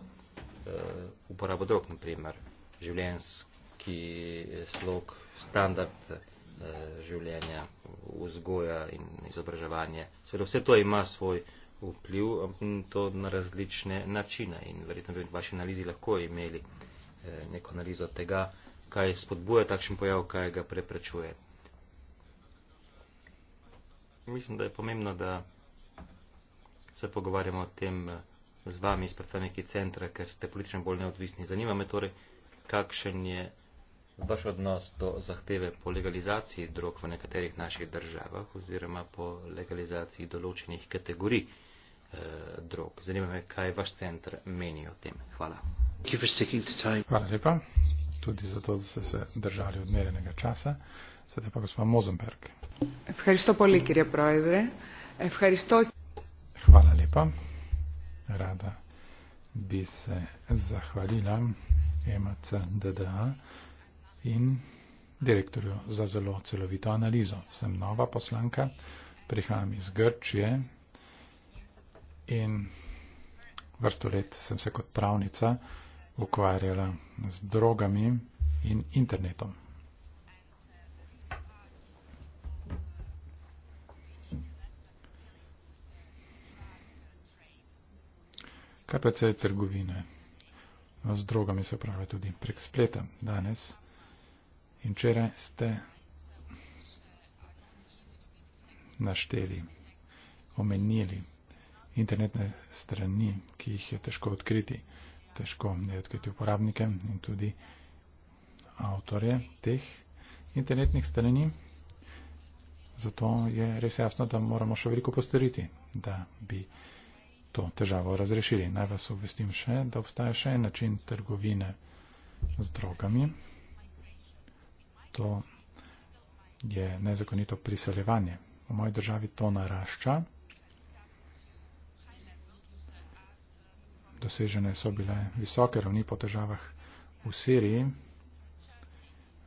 uporabo drog, naprimer, življenjski slog, standard. Eh, Eh, življenja, vzgoja in izobraževanje. Sveda vse to ima svoj vpliv in to na različne načine in verjetno bi v vaši analizi lahko imeli eh, neko analizo tega, kaj spodbuja takšen pojav, kaj ga preprečuje. Mislim, da je pomembno, da se pogovarjamo o tem eh, z vami, s predstavniki centra, ker ste politično bolj neodvisni. Zanima me torej, kakšen je vaš odnos do zahteve po legalizaciji drog v nekaterih naših državah oziroma po legalizaciji določenih kategorij eh, drog. Zanima me, kaj vaš centr meni o tem. Hvala. Hvala lepa. Tudi zato, da ste se držali odmerenega časa. Sedaj pa gospod Mozenberg. Hvala lepa. Rada bi se zahvalila MCDDA in direktorju za zelo celovito analizo. Sem nova poslanka, prihajam iz Grčije in vrsto let sem se kot pravnica ukvarjala z drogami in internetom. KPC trgovine. No, z drogami se pravi tudi prek spleta. Danes in včeraj ste našteli, omenili internetne strani, ki jih je težko odkriti, težko ne odkriti uporabnike in tudi avtorje teh internetnih strani. Zato je res jasno, da moramo še veliko postoriti, da bi to težavo razrešili. Naj vas obvestim še, da obstaja še en način trgovine z drogami to je nezakonito priseljevanje. V moji državi to narašča. Dosežene so bile visoke ravni po težavah v Siriji.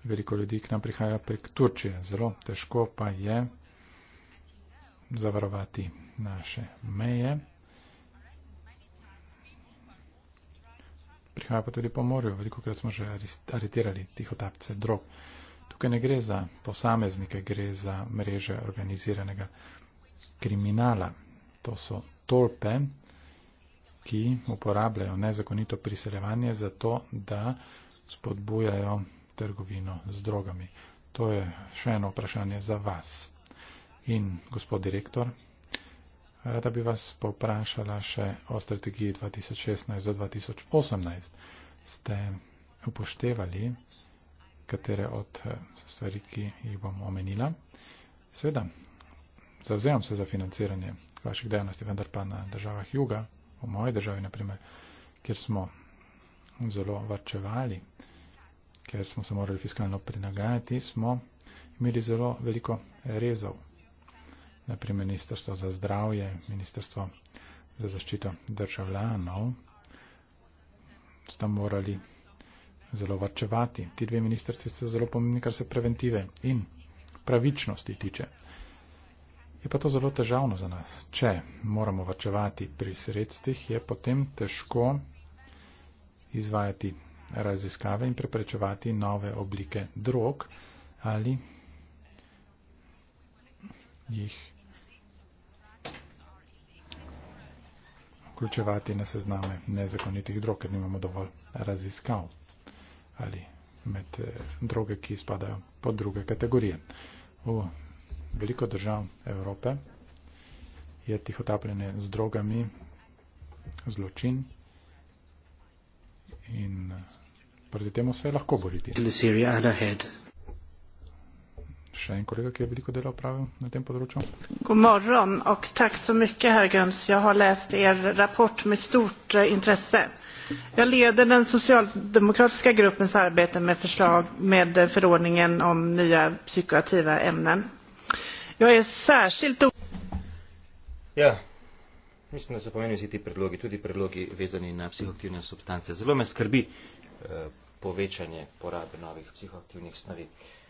Veliko ljudi k nam prihaja prek Turčije. Zelo težko pa je zavarovati naše meje. Prihaja pa tudi po morju. Veliko krat smo že aretirali tih otapce drog. Uh, Tukaj ne gre za posameznike, gre za mreže organiziranega kriminala. To so tolpe, ki uporabljajo nezakonito priseljevanje za to, da spodbujajo trgovino z drogami. To je še eno vprašanje za vas. In gospod direktor, rada bi vas poprašala še o strategiji 2016 do 2018. Ste upoštevali katere od eh, stvari, ki jih bom omenila. Sveda, zavzemam se za financiranje vaših dejavnosti, vendar pa na državah juga, v moji državi naprimer, kjer smo zelo varčevali, ker smo se morali fiskalno prinagajati, smo imeli zelo veliko rezov. Naprimer, Ministrstvo za zdravje, Ministrstvo za zaščito državljanov, so tam morali zelo varčevati. Ti dve ministrstvi so zelo pomembni, kar se preventive in pravičnosti tiče. Je pa to zelo težavno za nas. Če moramo varčevati pri sredstvih, je potem težko izvajati raziskave in preprečevati nove oblike drog ali jih vključevati na sezname nezakonitih drog, ker nimamo dovolj raziskav ali med eh, druge, ki spadajo pod druge kategorije. V veliko držav Evrope je tihotapljenje z drogami zločin in eh, proti temu se lahko boriti. In the Syria and ahead še en kolega, ki je veliko dela opravil na tem področju. God morgon och tack så mycket herr Göns. Jag har läst er rapport med stort eh, intresse. Jag leder den socialdemokratiska gruppens arbete med förslag med eh, förordningen om nya psykoaktiva ämnen. Jag är er särskilt o... Ja, mislim da so pomenili vsi ti predlogi, tudi predlogi vezani na psihoaktivne substance. Zelo me skrbi eh, povečanje porabe novih psihoaktivnih snovi. Eh,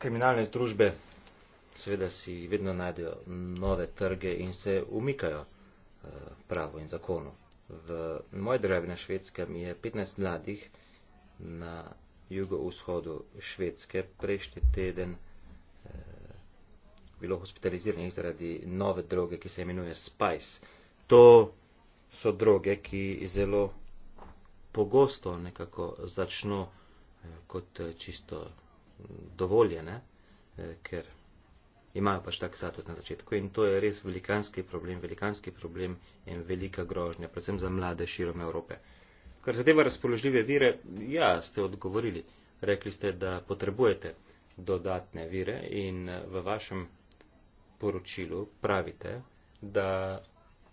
kriminalne družbe seveda si vedno najdejo nove trge in se umikajo eh, pravo in zakonu. V moji državi na Švedskem je 15 mladih na jugovzhodu Švedske prejšnji teden eh, bilo hospitaliziranih zaradi nove droge, ki se imenuje Spice. To so droge, ki zelo pogosto nekako začno eh, kot čisto dovoljene, eh, ker imajo pač tak status na začetku in to je res velikanski problem, velikanski problem in velika grožnja, predvsem za mlade širom Evrope. Kar zadeva razpoložljive vire, ja, ste odgovorili. Rekli ste, da potrebujete dodatne vire in eh, v vašem poročilu pravite, da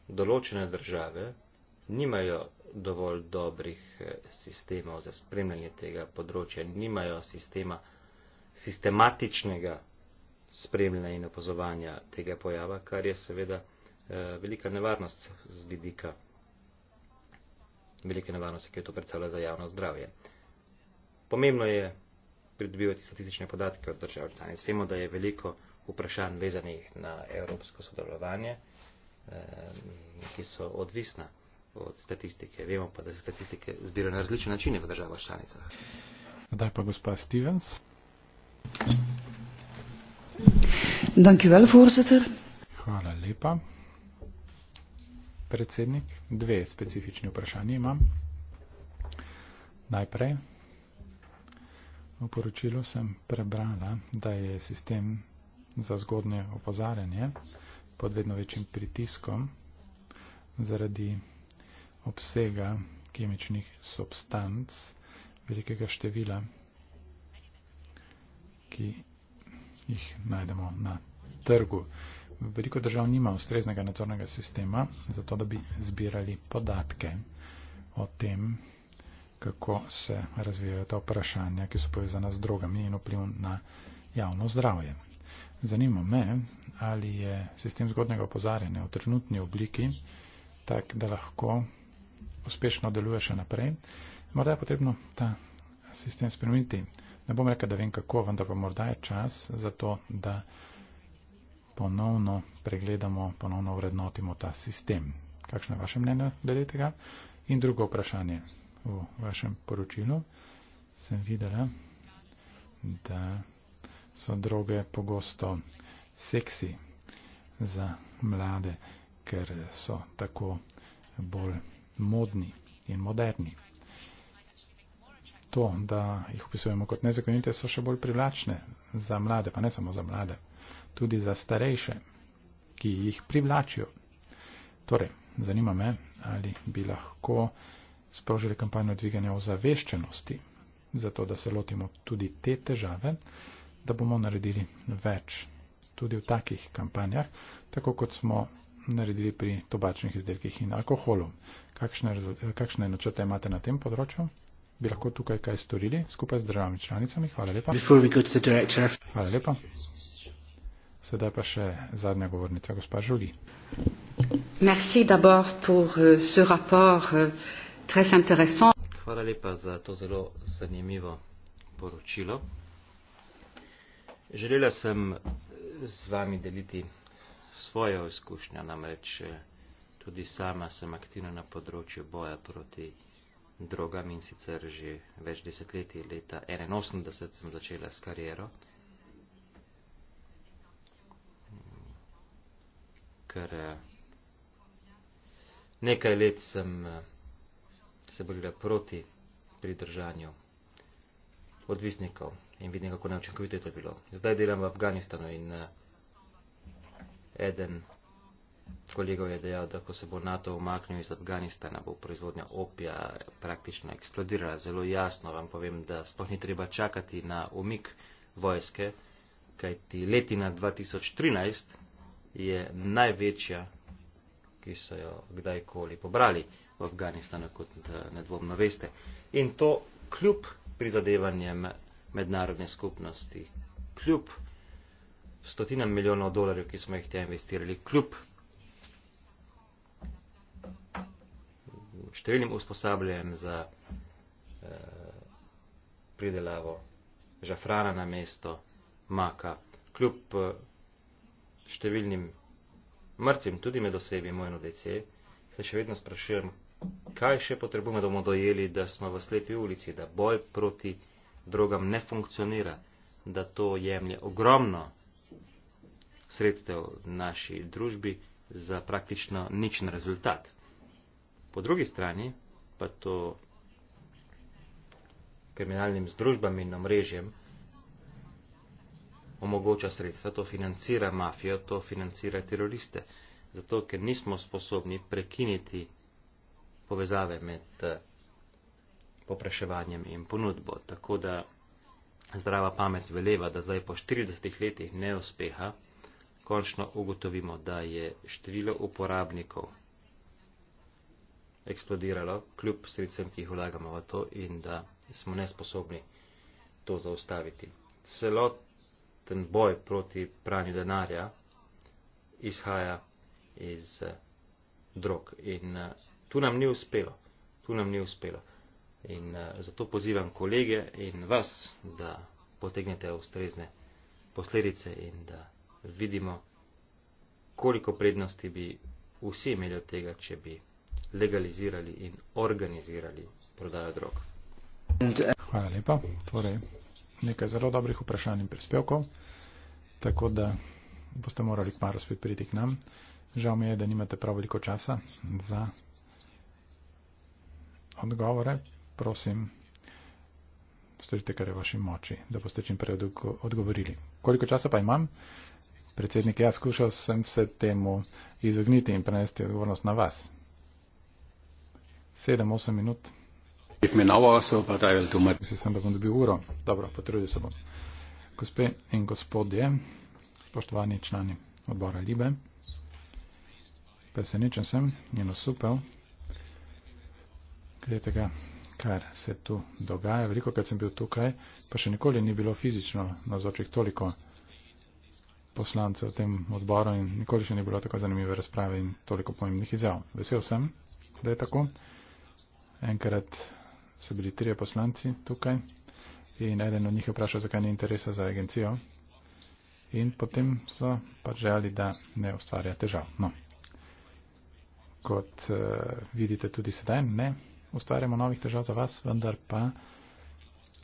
določene države nimajo dovolj dobrih eh, sistemov za spremljanje tega področja, nimajo sistema sistematičnega spremljanja in opazovanja tega pojava, kar je seveda eh, velika nevarnost z vidika, velike nevarnosti, ki je to predstavlja za javno zdravje. Pomembno je pridobivati statistične podatke od držav članic. Vemo, da je veliko vprašanj vezanih na evropsko sodelovanje, eh, ki so odvisna od statistike. Vemo pa, da se statistike zbirajo na različne načine v državah članicah. Zdaj pa gospa Stevens. Dank u wel, voorzitter. Hvala lepa. Predsednik, dve specifični vprašanje imam. Najprej, v poročilu sem prebrala, da je sistem za zgodnje opozarjanje pod vedno večjim pritiskom zaradi obsega kemičnih substanc, velikega števila ki jih najdemo na trgu. Veliko držav nima ustreznega nadzornega sistema, zato da bi zbirali podatke o tem, kako se razvijajo ta vprašanja, ki so povezana z drogami in vpliv na javno zdravje. Zanima me, ali je sistem zgodnega opozarjanja v trenutni obliki tak, da lahko uspešno deluje še naprej. Morda je potrebno ta sistem spremeniti. Ne bom rekel, da vem kako, vendar pa morda je čas za to, da ponovno pregledamo, ponovno vrednotimo ta sistem. Kakšno je vaše mnenje glede tega? In drugo vprašanje. V vašem poročilu sem videla, da so droge pogosto seksi za mlade, ker so tako bolj modni in moderni to, da jih opisujemo kot nezakonite, so še bolj privlačne za mlade, pa ne samo za mlade, tudi za starejše, ki jih privlačijo. Torej, zanima me, ali bi lahko sprožili kampanjo dviganja ozaveščenosti, zato da se lotimo tudi te težave, da bomo naredili več tudi v takih kampanjah, tako kot smo naredili pri tobačnih izdelkih in alkoholu. Kakšne, kakšne načrte imate na tem področju? bi lahko tukaj kaj storili skupaj z državami članicami. Hvala lepa. Hvala lepa. Sedaj pa še zadnja govornica, gospa Žugi. Euh, euh, Hvala lepa za to zelo zanimivo poročilo. Želela sem eh, z vami deliti svojo izkušnjo, namreč eh, tudi sama sem aktivna na področju boja proti drogami in sicer že več desetletij, leta 81 sem začela s kariero. Ker eh, nekaj let sem eh, se borila proti pridržanju odvisnikov in vidim, kako neučinkovito je to bilo. Zdaj delam v Afganistanu in eh, eden kolegov je dejal, da ko se bo NATO umaknil iz Afganistana, bo proizvodnja opija praktično eksplodirala. Zelo jasno vam povem, da sploh ni treba čakati na umik vojske, kajti letina 2013 je največja, ki so jo kdajkoli pobrali v Afganistanu, kot eh, nedvomno veste. In to kljub prizadevanjem mednarodne skupnosti, kljub stotinam milijonov dolarjev, ki smo jih tja investirali, kljub številnim usposabljanjem za eh, pridelavo žafrana na mesto maka. Kljub eh, številnim mrtvim, tudi med osebi mojeno DC, se še vedno sprašujem, kaj še potrebujemo, da bomo dojeli, da smo v slepi ulici, da boj proti drogam ne funkcionira, da to jemlje ogromno sredstev naši družbi za praktično ničen rezultat. Po drugi strani pa to kriminalnim združbam in omrežjem omogoča sredstva, to financira mafijo, to financira teroriste. Zato, ker nismo sposobni prekiniti povezave med eh, popraševanjem in ponudbo. Tako da zdrava pamet veleva, da zdaj po 40 letih neuspeha, končno ugotovimo, da je število uporabnikov eksplodiralo, kljub sredstvem, ki jih vlagamo v to in da smo nesposobni to zaustaviti. Celoten boj proti pranju denarja izhaja iz eh, drog in eh, tu nam ni uspelo, tu nam ni uspelo. In eh, zato pozivam kolege in vas, da potegnete ustrezne posledice in da vidimo, koliko prednosti bi vsi imeli od tega, če bi legalizirali in organizirali prodajo drog. Hvala lepa. Torej, nekaj zelo dobrih vprašanj in prispevkov, tako da boste morali kmalo spet priti k nam. Žal mi je, da nimate prav veliko časa za odgovore. Prosim, storite, kar je v vaši moči, da boste čim prej odgovorili. Koliko časa pa imam? Predsednik, jaz skušal sem se temu izogniti in prenesti odgovornost na vas sedem, osem minut. Mislim, da bom dobil uro. Dobro, potrudil se bom. Gospe in gospodje, spoštovani člani odbora Libe, presenečen sem in osupel, glede tega, kar se tu dogaja. Veliko, kad sem bil tukaj, pa še nikoli ni bilo fizično nazočih toliko poslancev v tem odboru in nikoli še ni bilo tako zanimive razprave in toliko pomembnih izjav. Vesel sem, da je tako enkrat so bili trije poslanci tukaj in eden od njih je vprašal, zakaj ni interesa za agencijo. In potem so pa želi, da ne ustvarja težav. No. Kot uh, vidite tudi sedaj, ne ustvarjamo novih težav za vas, vendar pa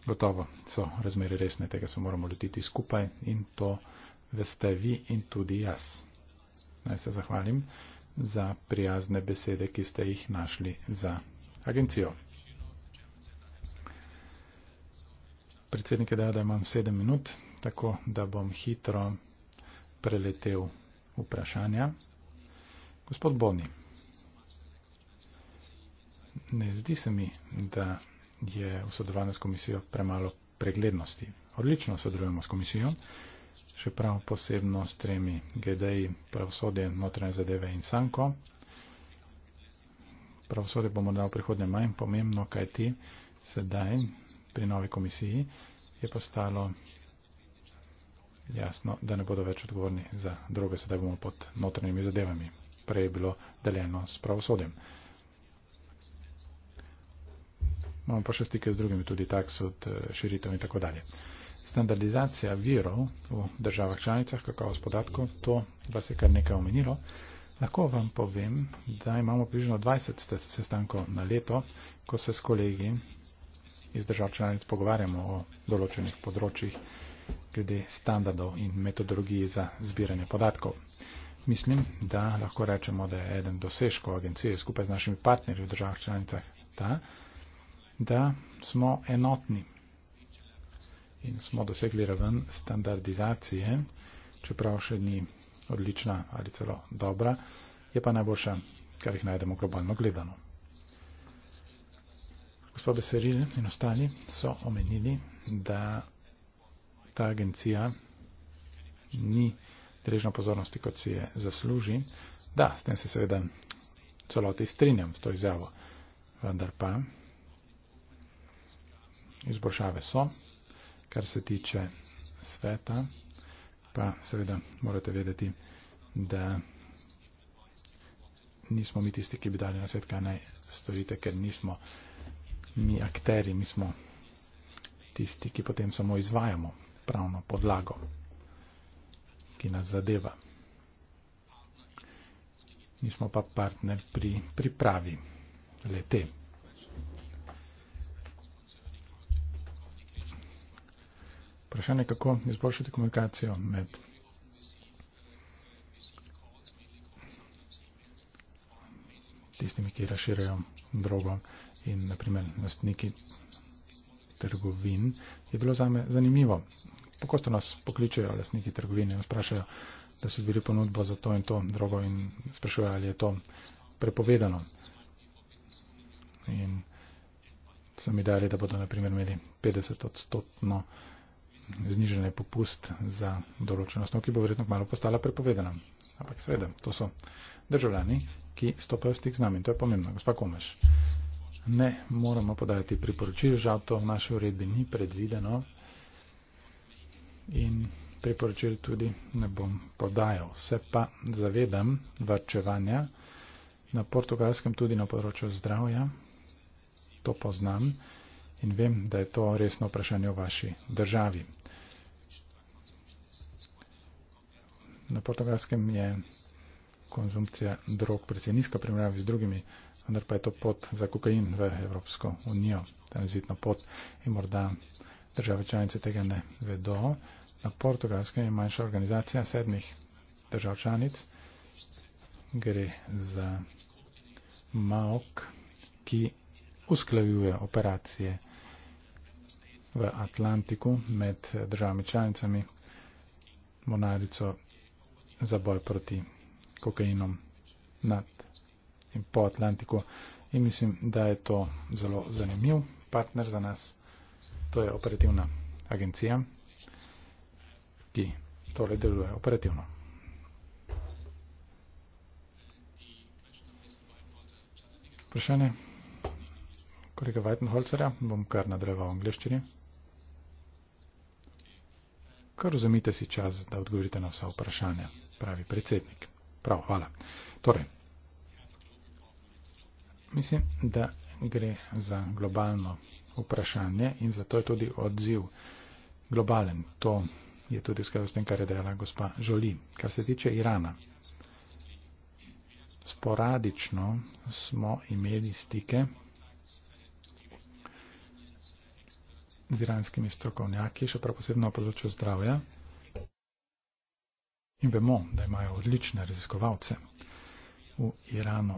gotovo so razmere resne, tega se moramo lotiti skupaj in to veste vi in tudi jaz. Naj se zahvalim za prijazne besede, ki ste jih našli za agencijo. Predsednik je dejal, da imam sedem minut, tako da bom hitro preletel vprašanja. Gospod Boni, ne zdi se mi, da je v sodelovanju s komisijo premalo preglednosti. Odlično sodelujemo s komisijo še prav posebno s tremi GDI, pravosodje, notranje zadeve in Sanko. Pravosodje bo morda v prihodnje manj pomembno, kaj ti sedaj pri novi komisiji je postalo jasno, da ne bodo več odgovorni za druge, sedaj bomo pod notranjimi zadevami. Prej je bilo deljeno s pravosodjem. Imamo pa še stike z drugimi, tudi taks od eh, širitev in tako dalje standardizacija virov v državah članicah, kakovost podatkov, to vas je kar nekaj omenilo. Lahko vam povem, da imamo približno 20 sestankov na leto, ko se s kolegi iz držav članic pogovarjamo o določenih področjih glede standardov in metodologiji za zbiranje podatkov. Mislim, da lahko rečemo, da je eden dosežko agencije skupaj z našimi partnerji v državah članicah ta, da smo enotni in smo dosegli raven standardizacije, čeprav še ni odlična ali celo dobra, je pa najboljša, kar jih najdemo globalno gledano. Gospod Beseril in ostali so omenili, da ta agencija ni drežna pozornosti, kot si je zasluži. Da, s tem se seveda celoti strinjam s to izjavo, vendar pa izboljšave so, Kar se tiče sveta, pa seveda morate vedeti, da nismo mi tisti, ki bi dali na svet, kaj naj storite, ker nismo mi akteri, mi smo tisti, ki potem samo izvajamo pravno podlago, ki nas zadeva. Mi smo pa partner pri pripravi le te. Vprašanje, kako izboljšati komunikacijo med tistimi, ki raširajo drogo in naprimer lastniki trgovin, je bilo zame zanimivo. Pogosto nas pokličejo lastniki trgovin in sprašujejo, da so bili ponudbo za to in to drogo in sprašujejo, ali je to prepovedano. In so mi dali, da bodo naprimer imeli 50 odstotno znižene popust za določeno snov, ki bo verjetno malo postala prepovedana. Ampak seveda, to so državljani, ki stopajo stik z nami in to je pomembno. Gospa Komeš, ne moramo podajati priporočil, žal to v naši uredbi ni predvideno in priporočil tudi ne bom podajal. Se pa zavedam varčevanja na portugalskem tudi na področju zdravja, to poznam. In vem, da je to resno vprašanje o vaši državi. Na portugalskem je konzumcija drog precej nizka, primerjavi z drugimi, vendar pa je to pot za kokain v Evropsko unijo, tranzitna pot in morda države članice tega ne vedo. Na portugalskem je manjša organizacija sedmih držav članic, gre za MAOK, ki usklajuje operacije v Atlantiku med državami članicami monarico za boj proti kokainom nad in po Atlantiku. In mislim, da je to zelo zanimiv partner za nas. To je operativna agencija, ki tole deluje operativno. Vprašanje kolega Weitenholzera, bom kar nadreval v angliščini. Kar vzemite si čas, da odgovorite na vsa vprašanja, pravi predsednik. Prav, hvala. Torej, mislim, da gre za globalno vprašanje in zato je tudi odziv globalen. To je tudi v skladu s tem, kar je dejala gospa Žoli. Kar se tiče Irana, sporadično smo imeli stike z iranskimi strokovnjaki, še prav posebno področju zdravja. In vemo, da imajo odlične raziskovalce v Iranu,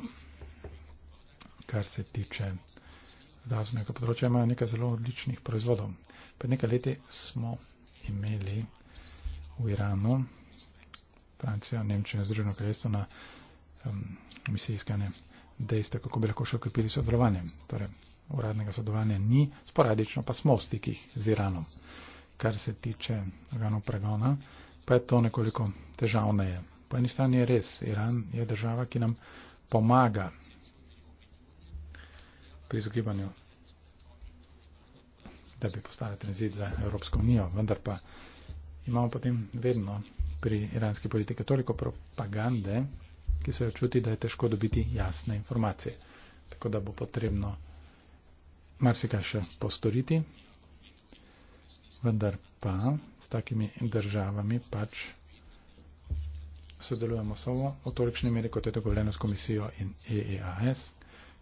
kar se tiče zdravstvenega področja, imajo nekaj zelo odličnih proizvodov. Pred nekaj leti smo imeli v Iranu, Francija, Nemčija, Združeno kraljestvo na um, misijskane dejstva, kako bi lahko še okrepili sodelovanje. Torej, uradnega sodelovanja ni, sporadično pa smo v stikih z Iranom. Kar se tiče organov pregona, pa je to nekoliko težavneje. Po eni strani je res, Iran je država, ki nam pomaga pri izogibanju, da bi postala tranzit za Evropsko unijo, vendar pa imamo potem vedno pri iranski politiki toliko propagande, ki se jo čuti, da je težko dobiti jasne informacije. Tako da bo potrebno marsikaj še postoriti, vendar pa s takimi državami pač sodelujemo samo v tolikšni meri, kot je dogovoljeno s komisijo in EEAS,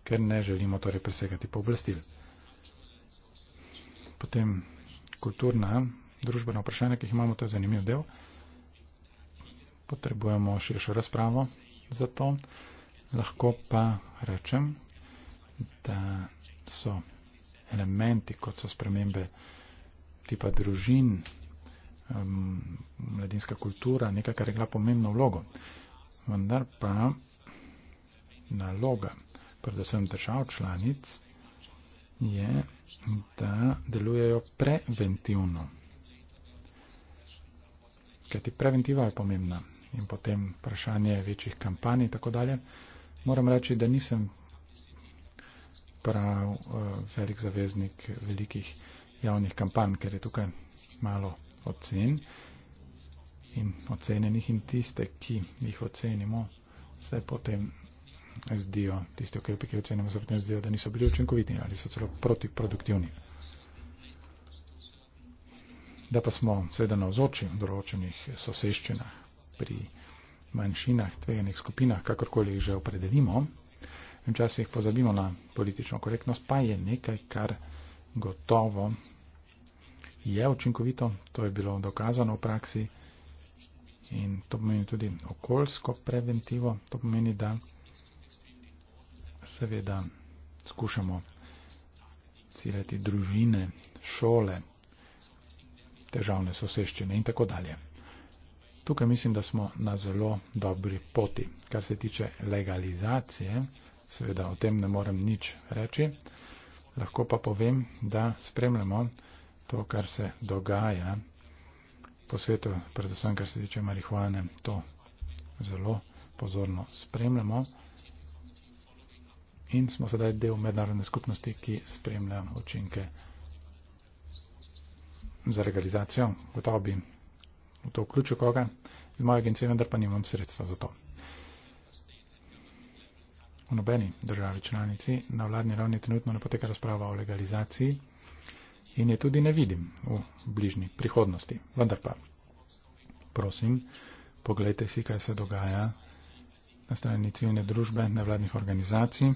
ker ne želimo torej presegati pooblastil. Potem kulturna, družbena vprašanja, ki jih imamo, to je zanimiv del. Potrebujemo širšo razpravo za to. Lahko pa rečem, da so elementi, kot so spremembe tipa družin, um, mladinska kultura, nekaj, kar je igra pomembno vlogo. Vendar pa naloga, predvsem držav članic, je, da delujejo preventivno. Kajti preventiva je pomembna in potem vprašanje večjih kampanj in tako dalje. Moram reči, da nisem prav eh, velik zaveznik velikih javnih kampanj, ker je tukaj malo ocen in ocenjenih in tiste, ki jih ocenimo, se potem zdijo, tiste ukrepe, ki jih ocenimo, se potem zdijo, da niso bili učinkoviti ali so celo protiproduktivni. Da pa smo seveda na ozoči v določenih soseščinah pri manjšinah, tveganih skupinah, kakorkoli jih že opredelimo, Včasih pozabimo na politično korektnost, pa je nekaj, kar gotovo je učinkovito, to je bilo dokazano v praksi in to pomeni tudi okoljsko preventivo, to pomeni, da seveda skušamo ciljati družine, šole, težavne soseščine in tako dalje. Tukaj mislim, da smo na zelo dobri poti. Kar se tiče legalizacije, seveda o tem ne morem nič reči, lahko pa povem, da spremljamo to, kar se dogaja po svetu, predvsem kar se tiče marihuane, to zelo pozorno spremljamo in smo sedaj del mednarodne skupnosti, ki spremlja učinke za legalizacijo. Gotovo bi v to vključil koga, iz moje agencije, vendar pa nimam sredstva za to. V nobeni državi članici na vladni ravni trenutno ne poteka razprava o legalizaciji in je tudi ne vidim v bližnji prihodnosti. Vendar pa, prosim, pogledajte si, kaj se dogaja na strani civilne družbe, nevladnih organizacij.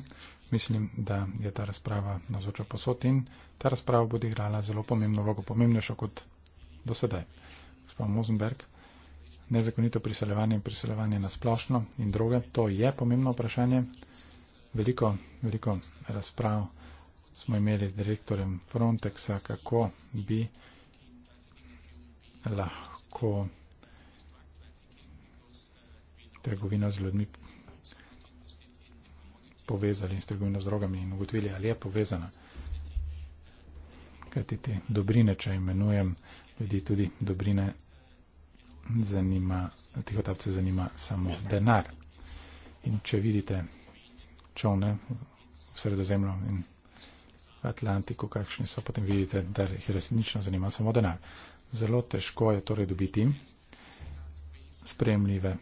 Mislim, da je ta razprava na zočo posod in ta razprava bo odigrala zelo pomembno vlogo, pomembnejšo kot do sedaj gospa Mozenberg, nezakonito priseljevanje in priseljevanje na splošno in druge. To je pomembno vprašanje. Veliko, veliko razprav smo imeli z direktorjem Frontexa, kako bi lahko trgovino z ljudmi povezali s trgovino z drogami in ugotovili, ali je povezana. Kajti te dobrine, če imenujem ljudi tudi dobrine, zanima, tihotapce zanima samo denar. In če vidite čovne v sredozemlju in v Atlantiku, kakšni so, potem vidite, da jih resnično zanima samo denar. Zelo težko je torej dobiti spremljive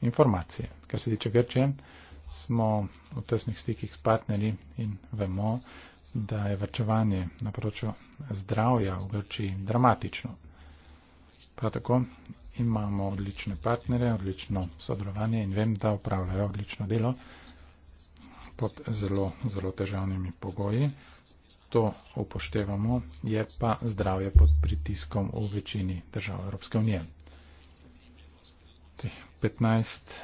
informacije. Kar se tiče Grčije, smo v tesnih stikih s partnerji in vemo, da je vrčevanje na področju zdravja v Grčiji dramatično. Prav tako imamo odlične partnere, odlično sodelovanje in vem, da upravljajo odlično delo pod zelo, zelo težavnimi pogoji. To upoštevamo, je pa zdravje pod pritiskom v večini držav Evropske unije. Tih 15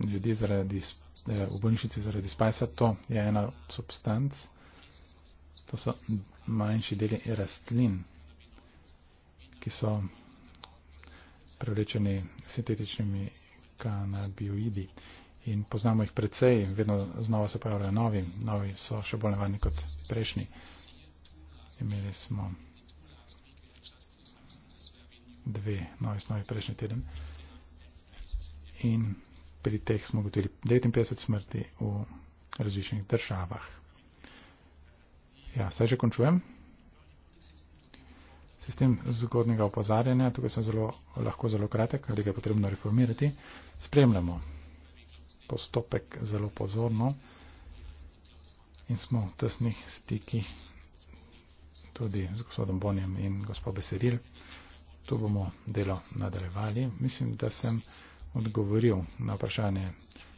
ljudi zaradi, eh, v bolnišnici zaradi spajsa, to je ena substanc, to so manjši deli rastlin, ki so prevlečeni sintetičnimi kanabioidi. In poznamo jih precej, vedno znova se pojavljajo novi, novi so še bolj nevarni kot prejšnji. Imeli smo dve nove snovi prejšnji teden. In pri teh smo gotovili 59 smrti v različnih državah. Ja, zdaj že končujem sistem zgodnega opozarjanja, tukaj sem zelo, lahko zelo kratek, ali ga je potrebno reformirati, spremljamo postopek zelo pozorno in smo v tesnih stikih tudi z gospodom Bonjem in gospod Beseril. Tu bomo delo nadaljevali. Mislim, da sem odgovoril na vprašanje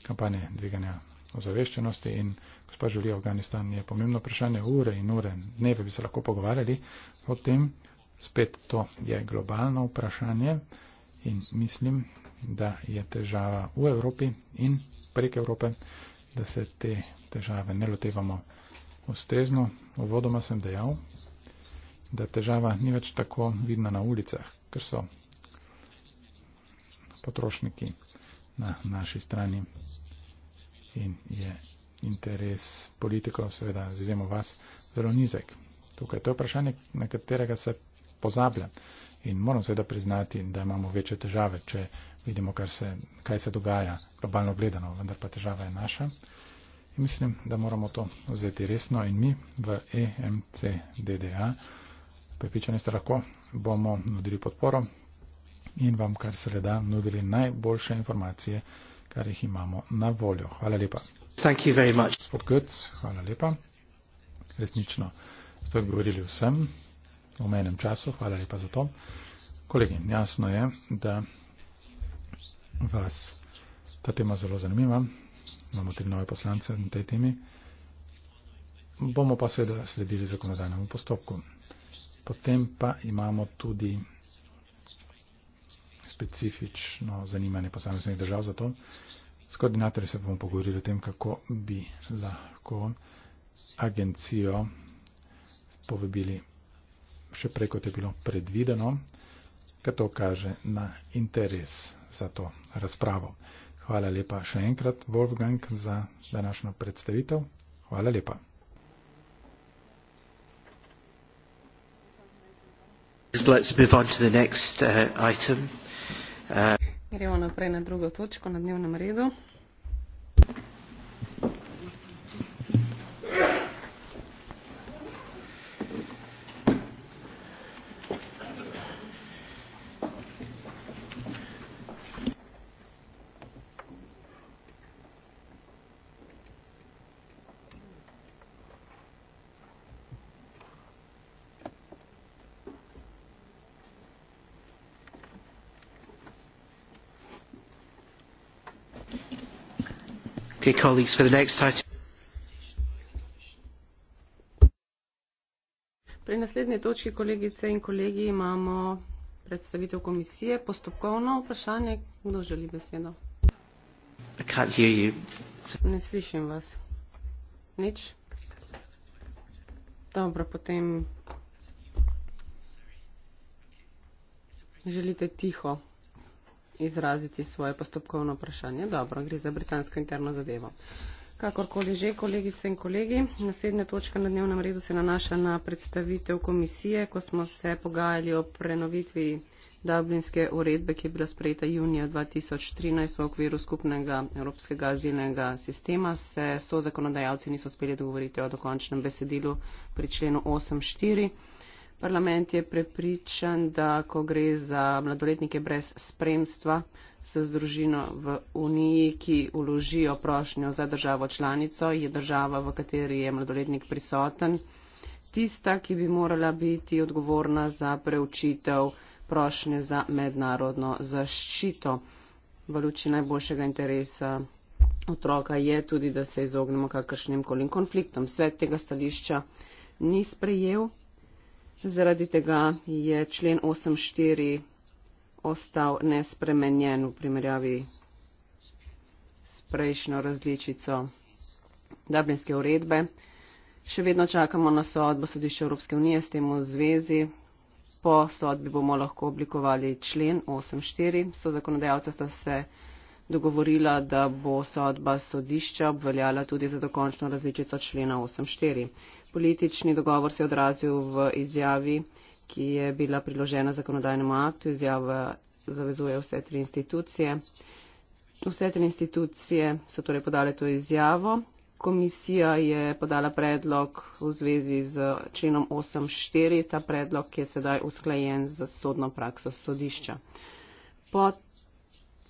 kampanje dviganja ozaveščenosti in gospod Žulija Afganistan je pomembno vprašanje. Ure in ure dneve bi se lahko pogovarjali o tem spet to je globalno vprašanje in mislim, da je težava v Evropi in prek Evrope, da se te težave ne lotevamo ustrezno. Uvodoma sem dejal, da težava ni več tako vidna na ulicah, ker so potrošniki na naši strani in je interes politikov, seveda z izjemo vas, zelo nizek. Tukaj to je vprašanje, na katerega se pozablja. In moram seveda priznati, da imamo večje težave, če vidimo, se, kaj se dogaja globalno gledano, vendar pa težava je naša. In mislim, da moramo to vzeti resno in mi v EMCDDA, prepričani ste lahko, bomo nudili podporo in vam kar se le da nudili najboljše informacije, kar jih imamo na voljo. Hvala lepa. Gospod Götz, hvala lepa. Resnično ste odgovorili vsem v menem času. Hvala lepa za to. Kolegi, jasno je, da vas ta tema zelo zanima. Imamo tri nove poslance na tej temi. Bomo pa seveda sledili zakonodajnemu postopku. Potem pa imamo tudi specifično zanimanje posameznih držav za to. S koordinatorji se bomo pogovorili o tem, kako bi lahko agencijo povabili še prej, kot je bilo predvideno, ker to kaže na interes za to razpravo. Hvala lepa še enkrat, Wolfgang, za današnjo predstavitev. Hvala lepa. Uh, uh, Gremo naprej na drugo točko na dnevnem redu. Okay, colleagues, for the next item. Pri naslednji točki, kolegice in kolegi, imamo predstavitev komisije. Postopkovno vprašanje, kdo želi besedo? Ne slišim vas. Nič? Dobro, potem želite tiho izraziti svoje postopkovno vprašanje. Dobro, gre za britansko interno zadevo. Kakorkoli že, kolegice in kolegi, naslednja točka na dnevnem redu se nanaša na predstavitev komisije, ko smo se pogajali o prenovitvi Dublinske uredbe, ki je bila sprejeta junija 2013 v okviru skupnega evropskega azilnega sistema, se so zakonodajalci niso uspeli dogovoriti o dokončnem besedilu pri členu 8.4. Parlament je prepričan, da ko gre za mladoletnike brez spremstva se z družino v Uniji, ki uložijo prošnjo za državo članico, je država, v kateri je mladoletnik prisoten, tista, ki bi morala biti odgovorna za preučitev prošnje za mednarodno zaščito. V luči najboljšega interesa otroka je tudi, da se izognemo kakršnim koli konfliktom. Svet tega stališča ni sprejel. Zaradi tega je člen 8.4 ostal nespremenjen v primerjavi s prejšnjo različico Dublinske uredbe. Še vedno čakamo na sodbo sodišča Evropske unije s tem v zvezi. Po sodbi bomo lahko oblikovali člen 8.4. So zakonodajalca sta se dogovorila, da bo sodba sodišča obveljala tudi za dokončno različico člena 84. Politični dogovor se je odrazil v izjavi, ki je bila priložena zakonodajnemu aktu. Izjava zavezuje vse tri institucije. Vse tri institucije so torej podale to izjavo. Komisija je podala predlog v zvezi z členom 8.4. Ta predlog je sedaj usklajen z sodno prakso sodišča. Po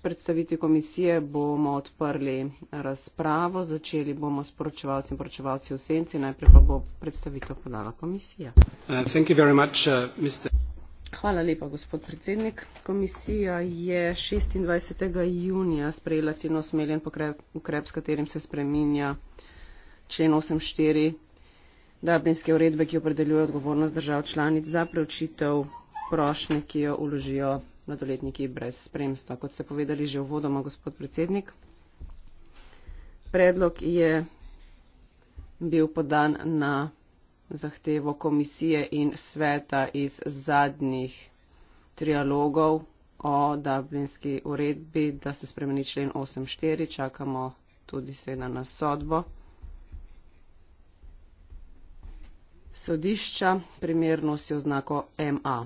predstaviti komisije bomo odprli razpravo, začeli bomo s poročevalci in poročevalci v senci, najprej pa bo predstavitev podala komisija. Uh, uh Hvala lepa, gospod predsednik. Komisija je 26. junija sprejela ciljno usmerjen ukrep, s katerim se spreminja člen 8.4 Dublinske uredbe, ki opredeljuje odgovornost držav članic za preučitev prošnje, ki jo uložijo mladoletniki brez spremstva, kot ste povedali že uvodoma, gospod predsednik. Predlog je bil podan na zahtevo komisije in sveta iz zadnjih trialogov o dublinski uredbi, da se spremeni člen 8.4. Čakamo tudi seveda na sodbo. Sodišča primerno si oznako MA.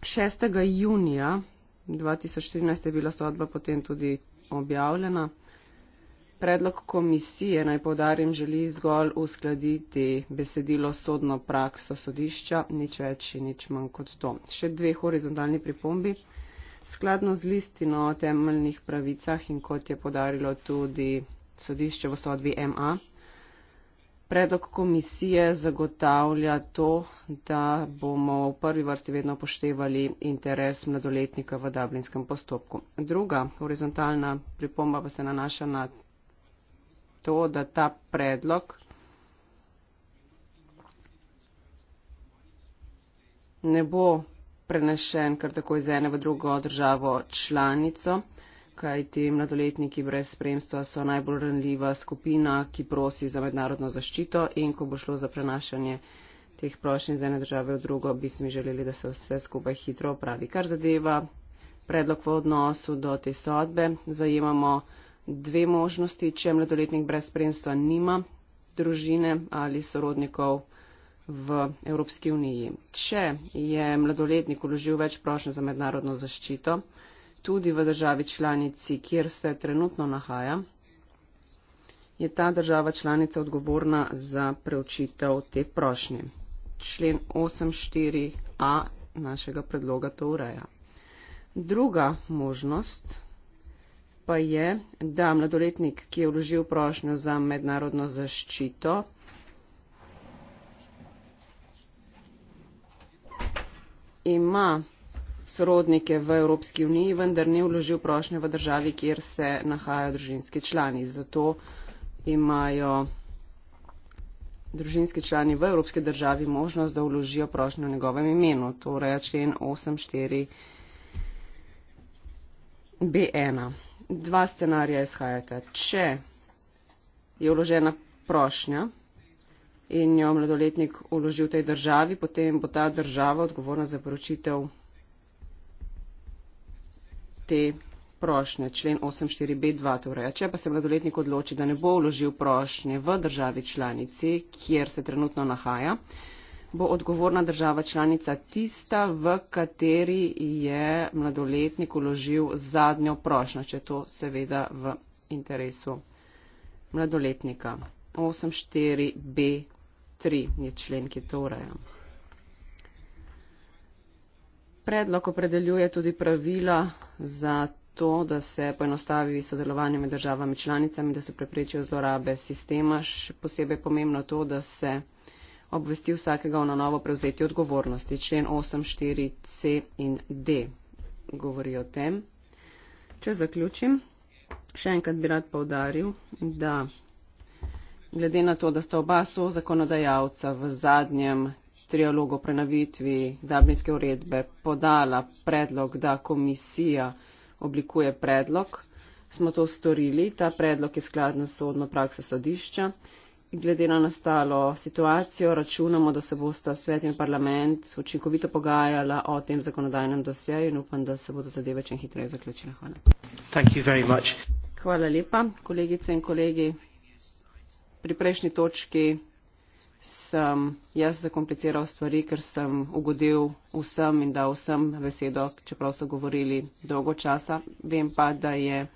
6. junija 2014 je bila sodba potem tudi objavljena. Predlog komisije, naj povdarim, želi zgolj uskladiti besedilo sodno prakso sodišča, nič več in nič manj kot to. Še dve horizontalni pripombi. Skladno z listino o temeljnih pravicah in kot je podarilo tudi sodišče v sodbi MA, Predlog komisije zagotavlja to, da bomo v prvi vrsti vedno poštevali interes mladoletnika v dublinskem postopku. Druga horizontalna pripomba pa se nanaša na to, da ta predlog ne bo prenešen kar tako iz ene v drugo državo članico kaj ti mladoletniki brez spremstva so najbolj ranljiva skupina, ki prosi za mednarodno zaščito in ko bo šlo za prenašanje teh prošenj z ene države v drugo, bi si mi želeli, da se vse skupaj hitro opravi. Kar zadeva predlog v odnosu do te sodbe, zajemamo dve možnosti, če mladoletnik brez spremstva nima družine ali sorodnikov v Evropski uniji. Če je mladoletnik uložil več prošenj za mednarodno zaščito, tudi v državi članici, kjer se trenutno nahaja, je ta država članica odgovorna za preučitev te prošnje. Člen 84a našega predloga to ureja. Druga možnost pa je, da mladoletnik, ki je vložil prošnjo za mednarodno zaščito, ima sorodnike v Evropski uniji, vendar ne vložil prošnje v državi, kjer se nahajajo družinski člani. Zato imajo družinski člani v Evropski državi možnost, da vložijo prošnje v njegovem imenu. Torej, člen 8.4.B1. Dva scenarija izhajata. Če je vložena prošnja in jo mladoletnik vloži v tej državi, potem bo ta država odgovorna za poročitev te prošnje. Člen 84b2 to reče, pa se mladoletnik odloči, da ne bo vložil prošnje v državi članici, kjer se trenutno nahaja, bo odgovorna država članica tista, v kateri je mladoletnik vložil zadnjo prošnjo, če to seveda v interesu mladoletnika. 84b3 je člen, ki to ureja. Predlog opredeljuje tudi pravila za to, da se poenostavi sodelovanje med državami članicami, da se preprečijo zlorabe sistema, še posebej pomembno to, da se obvesti vsakega o na novo prevzeti odgovornosti. Člen 8.4.C in D govori o tem. Če zaključim, še enkrat bi rad povdaril, da glede na to, da sta oba so zakonodajalca v zadnjem trialogu o prenavitvi Dablinske uredbe podala predlog, da komisija oblikuje predlog. Smo to storili, ta predlog je skladen s sodno prakso sodišča. Glede na nastalo situacijo računamo, da se bosta svet in parlament učinkovito pogajala o tem zakonodajnem dosjeju in upam, da se bodo zadeve čim hitreje zaključile. Hvala. Hvala lepa, kolegice in kolegi. Pri prejšnji točki sem jaz zakompliciral stvari, ker sem ugodil vsem in dal vsem besedo, čeprav so govorili dolgo časa. Vem pa, da je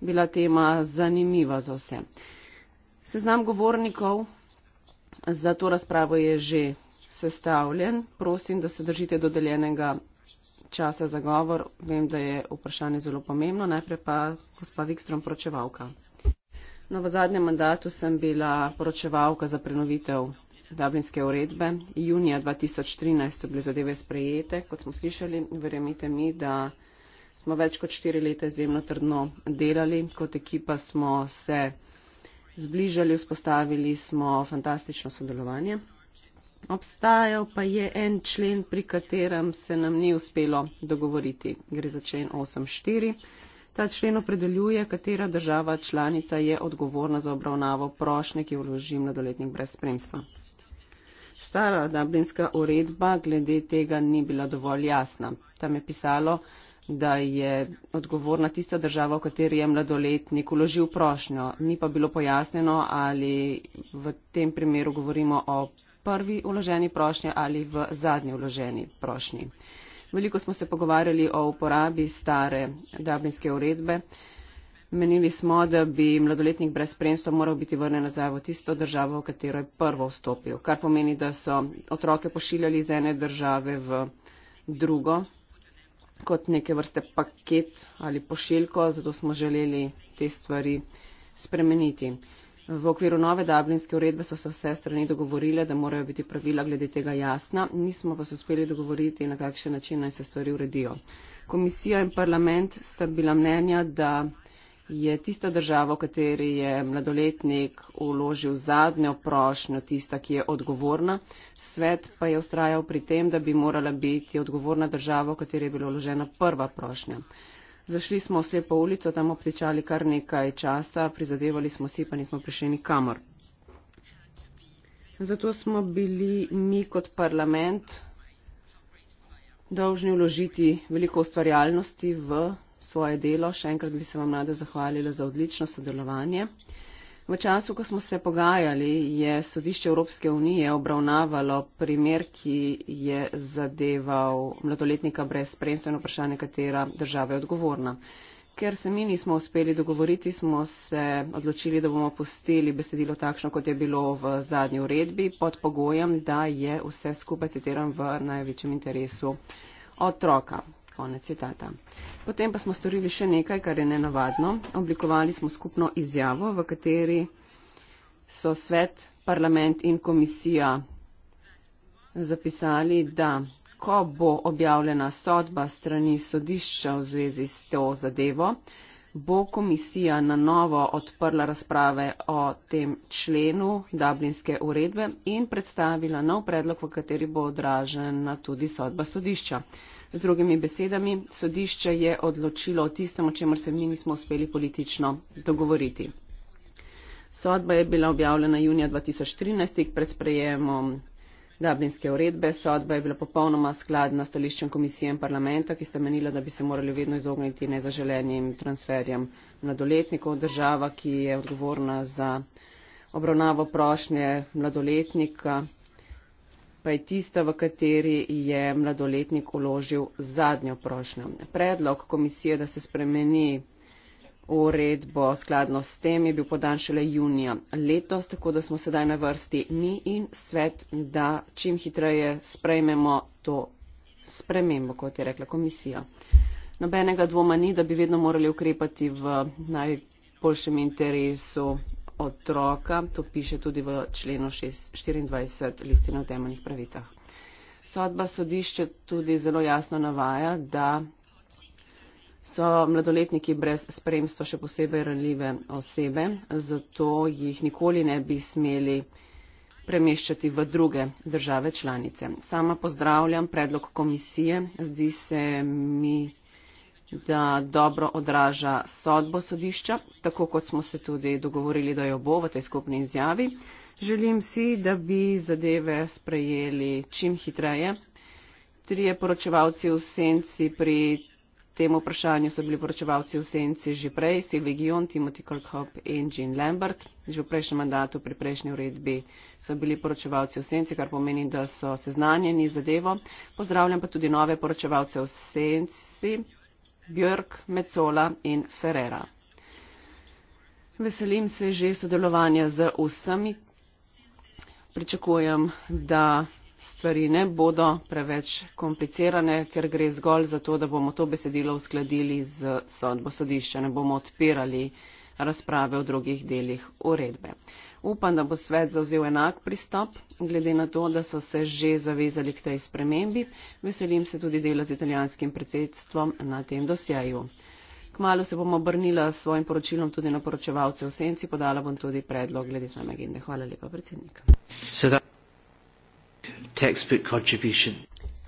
bila tema zanimiva za vse. Seznam govornikov za to razpravo je že sestavljen. Prosim, da se držite dodeljenega časa za govor. Vem, da je vprašanje zelo pomembno. Najprej pa gospa Vikstrom, pročevalka. No, v zadnjem mandatu sem bila poročevalka za prenovitev Dublinske uredbe. Junija 2013 so bile zadeve sprejete, kot smo slišali. Verjemite mi, da smo več kot štiri leta izjemno trdno delali. Kot ekipa smo se zbližali, vzpostavili smo fantastično sodelovanje. Obstajal pa je en člen, pri katerem se nam ni uspelo dogovoriti. Gre za člen 84. Ta člen opredeljuje, katera država članica je odgovorna za obravnavo prošnje, ki vloži mladoletnik brez spremstva. Stara dublinska uredba glede tega ni bila dovolj jasna. Tam je pisalo, da je odgovorna tista država, v kateri je mladoletnik vložil prošnjo. Ni pa bilo pojasneno, ali v tem primeru govorimo o prvi vloženi prošnji ali v zadnji vloženi prošnji. Veliko smo se pogovarjali o uporabi stare dublinske uredbe. Menili smo, da bi mladoletnik brez spremstva moral biti vrnen nazaj v tisto državo, v katero je prvo vstopil, kar pomeni, da so otroke pošiljali iz ene države v drugo kot neke vrste paket ali pošiljko, zato smo želeli te stvari spremeniti. V okviru nove dablinske uredbe so se vse strani dogovorile, da morajo biti pravila glede tega jasna, nismo pa se uspeli dogovoriti, na kakšen način naj se stvari uredijo. Komisija in parlament sta bila mnenja, da je tista država, v kateri je mladoletnik uložil zadnjo prošnjo, tista, ki je odgovorna. Svet pa je ustrajal pri tem, da bi morala biti odgovorna država, v kateri je bila uložena prva prošnja. Zašli smo slepo ulico, tam obtečali kar nekaj časa, prizadevali smo si, pa nismo prišli nikamor. Zato smo bili mi kot parlament dolžni vložiti veliko ustvarjalnosti v svoje delo. Še enkrat bi se vam rada zahvalila za odlično sodelovanje. V času, ko smo se pogajali, je sodišče Evropske unije obravnavalo primer, ki je zadeval mladoletnika brez spremstva in vprašanje, katera država je odgovorna. Ker se mi nismo uspeli dogovoriti, smo se odločili, da bomo postili besedilo takšno, kot je bilo v zadnji uredbi, pod pogojem, da je vse skupaj, citiram, v največjem interesu otroka. Konec citata. Potem pa smo storili še nekaj, kar je nenavadno. Oblikovali smo skupno izjavo, v kateri so svet, parlament in komisija zapisali, da ko bo objavljena sodba strani sodišča v zvezi s to zadevo, bo komisija na novo odprla razprave o tem členu Dublinske uredbe in predstavila nov predlog, v kateri bo odražena tudi sodba sodišča z drugimi besedami sodišče je odločilo o tistem o čemer se mi nismo uspeli politično dogovoriti sodba je bila objavljena junija 2013 tik pred sprejemom Dublinske uredbe sodba je bila popolnoma skladna s stališčem komisije in parlamenta, ki sta menila, da bi se morali vedno izogniti nezaželenim transferjem mladoletnikov. Država, ki je odgovorna za obravnavo prošnje mladoletnika, pa je tista, v kateri je mladoletnik uložil zadnjo prošnjo. Predlog komisije, da se spremeni uredbo skladno s tem, je bil podan šele junija letos, tako da smo sedaj na vrsti mi in svet, da čim hitreje sprejmemo to spremembo, kot je rekla komisija. Nobenega dvoma ni, da bi vedno morali ukrepati v najboljšem interesu otroka. To piše tudi v členu 24 listine o temeljnih pravicah. Sodba sodišče tudi zelo jasno navaja, da so mladoletniki brez spremstva še posebej ranljive osebe, zato jih nikoli ne bi smeli premeščati v druge države članice. Sama pozdravljam predlog komisije. Zdi se mi, da dobro odraža sodbo sodišča, tako kot smo se tudi dogovorili, da jo bo v tej skupni izjavi. Želim si, da bi zadeve sprejeli čim hitreje. Trije poročevalci v senci pri tem vprašanju so bili poročevalci v senci že prej, Silvi Gion, Timothy Kolkhop in Jean Lambert. Že v prejšnjem mandatu pri prejšnji uredbi so bili poročevalci v senci, kar pomeni, da so seznanjeni z zadevo. Pozdravljam pa tudi nove poročevalce v senci. Björk, Mecola in Ferrera. Veselim se že sodelovanja z vsemi. Pričakujem, da stvari ne bodo preveč komplicirane, ker gre zgolj za to, da bomo to besedilo uskladili z sodbo sodišča, ne bomo odpirali razprave o drugih delih uredbe upam, da bo svet zauzel enak pristop, glede na to, da so se že zavezali k tej spremembi. Veselim se tudi dela z italijanskim predsedstvom na tem dosjeju. Kmalo se bomo obrnila s svojim poročilom tudi na poročevalce v senci, podala bom tudi predlog glede same agende. Hvala lepa, predsednik.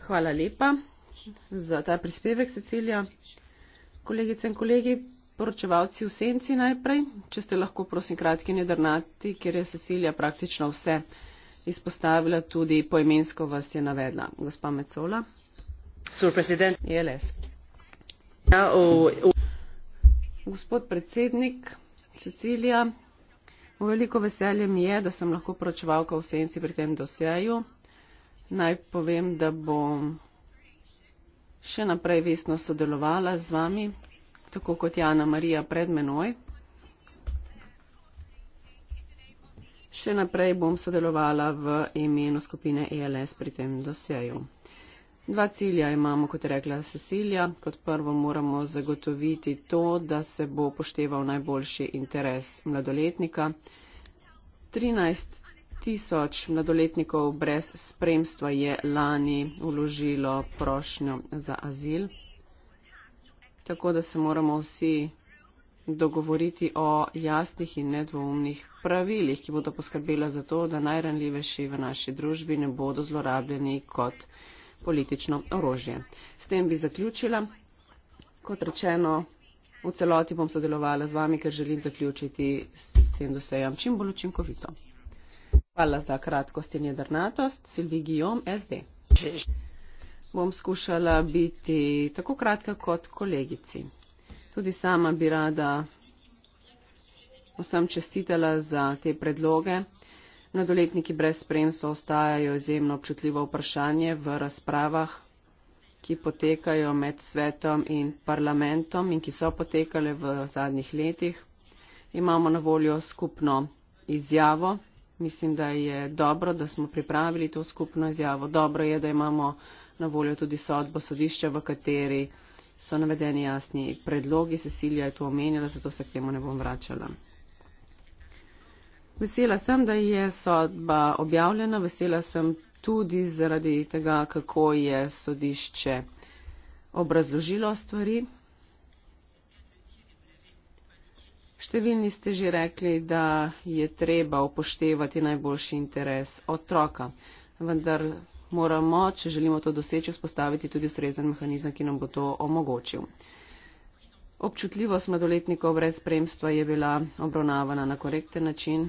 Hvala lepa za ta prispevek, Cecilija. Kolegice in kolegi, poročevalci v senci najprej, če ste lahko prosim kratki nedrnati, ker je Cecilija praktično vse izpostavila, tudi poemensko vas je navedla. Gospa Mecola. Ja, Gospod predsednik Cecilija, v veliko veselje mi je, da sem lahko poročevalka v senci pri tem doseju. Naj povem, da bom še naprej vesno sodelovala z vami tako kot Jana Marija pred menoj. Še naprej bom sodelovala v imenu skupine ELS pri tem dosjeju. Dva cilja imamo, kot je rekla Cecilija. Kot prvo moramo zagotoviti to, da se bo pošteval najboljši interes mladoletnika. 13 tisoč mladoletnikov brez spremstva je lani uložilo prošnjo za azil tako da se moramo vsi dogovoriti o jasnih in nedvoumnih pravilih, ki bodo poskrbela za to, da najranljivejši v naši družbi ne bodo zlorabljeni kot politično orožje. S tem bi zaključila. Kot rečeno, v celoti bom sodelovala z vami, ker želim zaključiti s tem dosejem čim bolj učinkovito. Hvala za kratkost in jedrnatost. Silvi Guillaume, SD bom skušala biti tako kratka kot kolegici. Tudi sama bi rada vsem čestitala za te predloge. Mladoletniki brez spremstva ostajajo izjemno občutljivo vprašanje v razpravah, ki potekajo med svetom in parlamentom in ki so potekale v zadnjih letih. Imamo na voljo skupno izjavo. Mislim, da je dobro, da smo pripravili to skupno izjavo. Dobro je, da imamo na voljo tudi sodbo sodišča, v kateri so navedeni jasni predlogi. Cecilija je to omenjala, zato se k temu ne bom vračala. Vesela sem, da je sodba objavljena, vesela sem tudi zaradi tega, kako je sodišče obrazložilo stvari. Številni ste že rekli, da je treba upoštevati najboljši interes otroka, vendar moramo, če želimo to doseči, vzpostaviti tudi ustrezen mehanizem, ki nam bo to omogočil. Občutljivost mladoletnikov brez spremstva je bila obravnavana na korekten način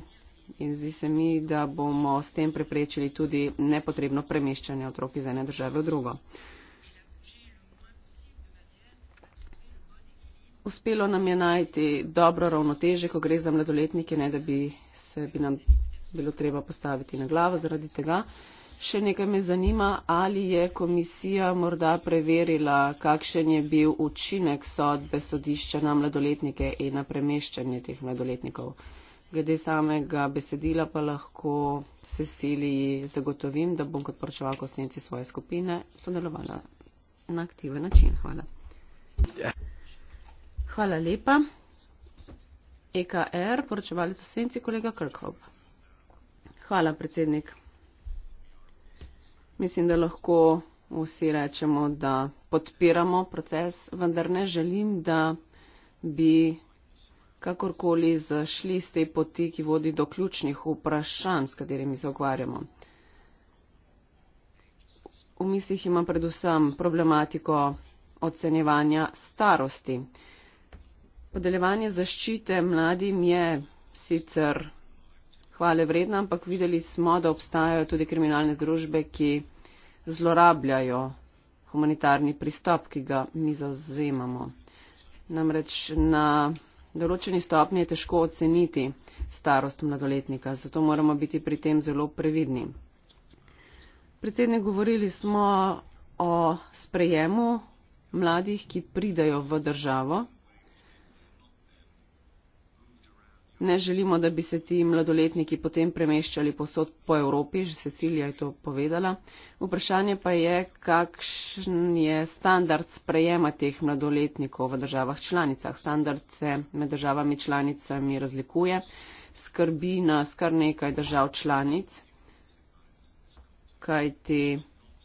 in zdi se mi, da bomo s tem preprečili tudi nepotrebno premeščanje otrok iz ene države v drugo. Uspelo nam je najti dobro ravnoteže, ko gre za mladoletnike, ne da bi se bi nam bilo treba postaviti na glavo zaradi tega. Še nekaj me zanima, ali je komisija morda preverila, kakšen je bil učinek sodbe sodišča na mladoletnike in na premeščanje teh mladoletnikov. Glede samega besedila pa lahko Cecilii zagotovim, da bom kot poročevalko senci svoje skupine sodelovala na aktiven način. Hvala. Hvala lepa. EKR, er, poročevalec v senci, kolega Krkhov. Hvala, predsednik. Mislim, da lahko vsi rečemo, da podpiramo proces, vendar ne želim, da bi kakorkoli zašli z te poti, ki vodi do ključnih vprašanj, s katerimi se ukvarjamo. V mislih imam predvsem problematiko ocenjevanja starosti. Podeljevanje zaščite mladim je sicer hvale vredna, ampak videli smo, da obstajajo tudi kriminalne združbe, ki zlorabljajo humanitarni pristop, ki ga mi zauzemamo. Namreč na določeni stopnji je težko oceniti starost mladoletnika, zato moramo biti pri tem zelo previdni. Predsednik, govorili smo o sprejemu mladih, ki pridajo v državo. ne želimo, da bi se ti mladoletniki potem premeščali posod po Evropi, že Cecilija je to povedala. Vprašanje pa je, kakšen je standard sprejema teh mladoletnikov v državah članicah. Standard se med državami članicami razlikuje, skrbi nas kar nekaj držav članic, kajti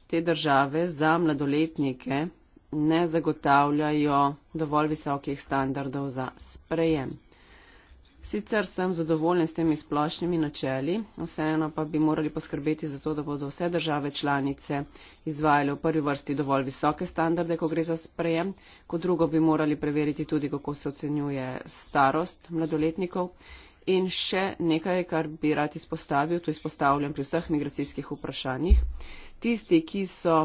te države za mladoletnike ne zagotavljajo dovolj visokih standardov za sprejem. Sicer sem zadovoljen s temi splošnimi načeli, vseeno pa bi morali poskrbeti za to, da bodo vse države članice izvajale v prvi vrsti dovolj visoke standarde, ko gre za sprejem, kot drugo bi morali preveriti tudi, kako se ocenjuje starost mladoletnikov. In še nekaj, kar bi rad izpostavil, to izpostavljam pri vseh migracijskih vprašanjih. Tisti, ki so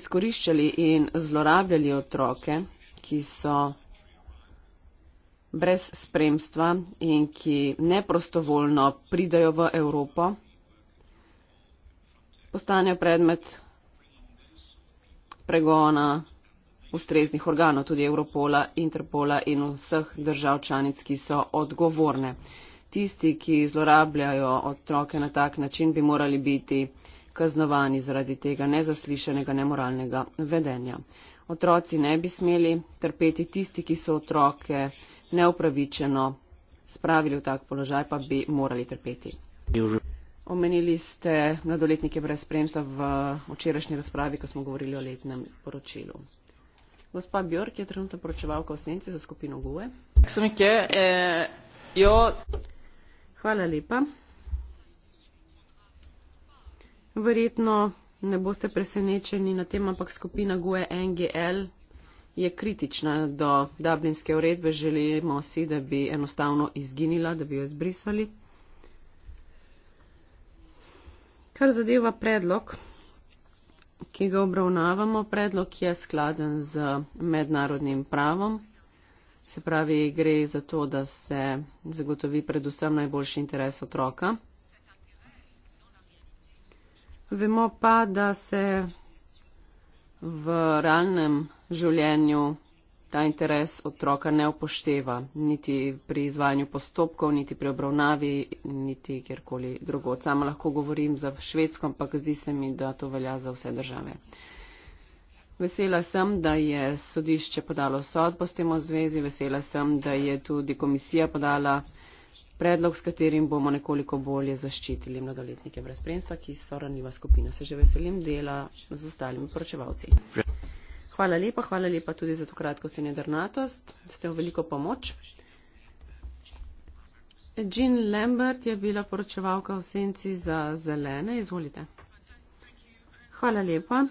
izkoriščali in zlorabljali otroke, ki so brez spremstva in ki neprostovoljno pridajo v Evropo, postanejo predmet pregona ustreznih organov, tudi Europola, Interpola in vseh držav članic, ki so odgovorne. Tisti, ki zlorabljajo otroke na tak način, bi morali biti kaznovani zaradi tega nezaslišenega, nemoralnega vedenja otroci ne bi smeli trpeti tisti, ki so otroke neupravičeno spravili v tak položaj, pa bi morali trpeti. Omenili ste mladoletnike brez spremstva v včerajšnji razpravi, ko smo govorili o letnem poročilu. Gospa Bjork je trenutno poročevalka v senci za skupino GUE. Eh, Hvala lepa. Verjetno ne boste presenečeni na tem, ampak skupina GUE NGL je kritična do dublinske uredbe. Želimo si, da bi enostavno izginila, da bi jo izbrisali. Kar zadeva predlog, ki ga obravnavamo, predlog je skladen z mednarodnim pravom. Se pravi, gre za to, da se zagotovi predvsem najboljši interes otroka. Vemo pa, da se v realnem življenju ta interes otroka ne upošteva, niti pri izvajanju postopkov, niti pri obravnavi, niti kjerkoli drugo. Sama lahko govorim za Švedsko, ampak zdi se mi, da to velja za vse države. Vesela sem, da je sodišče podalo sodbo s tem v zvezi, vesela sem, da je tudi komisija podala predlog, s katerim bomo nekoliko bolje zaščitili mladoletnike brez spremstva, ki so ranljiva skupina. Se že veselim dela z ostalimi poročevalci. Hvala lepa, hvala lepa tudi za to kratko senjadrnatost. Ste v veliko pomoč. Jean Lambert je bila poročevalka v senci za zelene. Izvolite. Hvala lepa.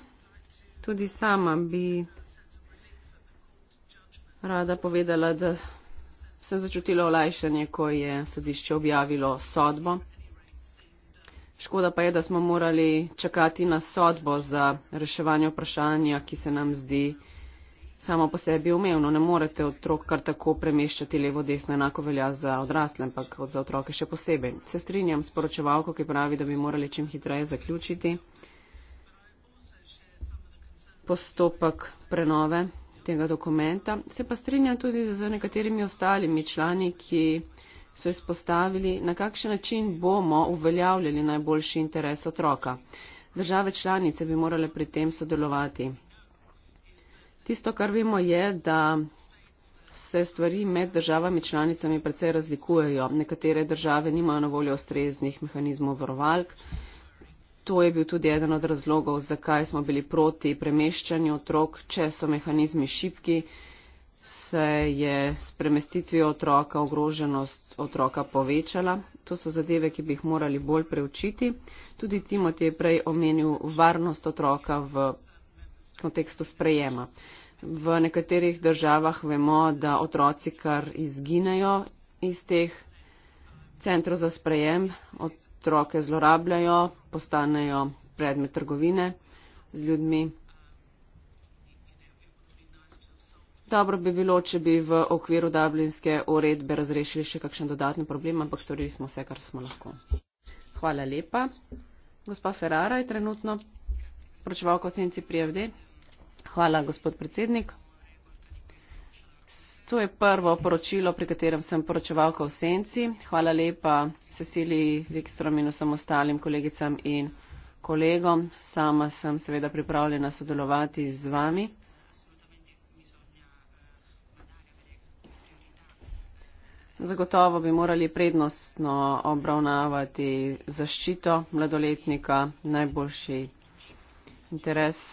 Tudi sama bi rada povedala, da se začutila olajšanje, ko je sodišče objavilo sodbo. Škoda pa je, da smo morali čakati na sodbo za reševanje vprašanja, ki se nam zdi samo po sebi umevno. Ne morete otrok kar tako premeščati levo-desno, enako velja za odrasle, ampak za otroke še posebej. Se strinjam s poročevalko, ki pravi, da bi morali čim hitreje zaključiti postopek prenove tega dokumenta. Se pa strinjam tudi z nekaterimi ostalimi člani, ki so izpostavili, na kakšen način bomo uveljavljali najboljši interes otroka. Države članice bi morale pri tem sodelovati. Tisto, kar vemo, je, da se stvari med državami članicami precej razlikujejo. Nekatere države nimajo na voljo ustreznih mehanizmov varovalk, To je bil tudi eden od razlogov, zakaj smo bili proti premeščanju otrok, če so mehanizmi šipki, se je s premestitvijo otroka ogroženost otroka povečala. To so zadeve, ki bi jih morali bolj preučiti. Tudi Timot je prej omenil varnost otroka v kontekstu sprejema. V nekaterih državah vemo, da otroci kar izginejo iz teh centrov za sprejem. Ot otroke zlorabljajo, postanejo predmet trgovine z ljudmi. Dobro bi bilo, če bi v okviru dublinske uredbe razrešili še kakšen dodatni problem, ampak storili smo vse, kar smo lahko. Hvala lepa. Gospa Ferrara je trenutno pročevalka v senci prijavde. Hvala, gospod predsednik. To je prvo poročilo, pri katerem sem poročevalka v senci. Hvala lepa Cecilii Vikstrom in vsem ostalim kolegicam in kolegom. Sama sem seveda pripravljena sodelovati z vami. Zagotovo bi morali prednostno obravnavati zaščito mladoletnika, najboljši interes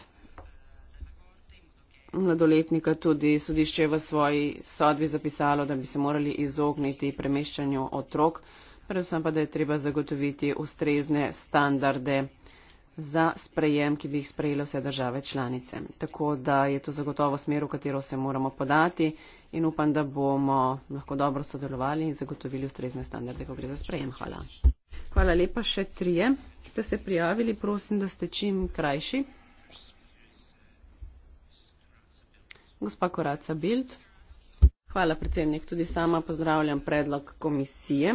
mladoletnika tudi sodišče v svoji sodbi zapisalo, da bi se morali izogniti premeščanju otrok, predvsem pa, da je treba zagotoviti ustrezne standarde za sprejem, ki bi jih sprejele vse države članice. Tako da je to zagotovo smer, v katero se moramo podati in upam, da bomo lahko dobro sodelovali in zagotovili ustrezne standarde, ko gre za sprejem. Hvala. Hvala lepa še trije. Ste se prijavili, prosim, da ste čim krajši. Gospa Koraca Bild. Hvala, predsednik. Tudi sama pozdravljam predlog komisije.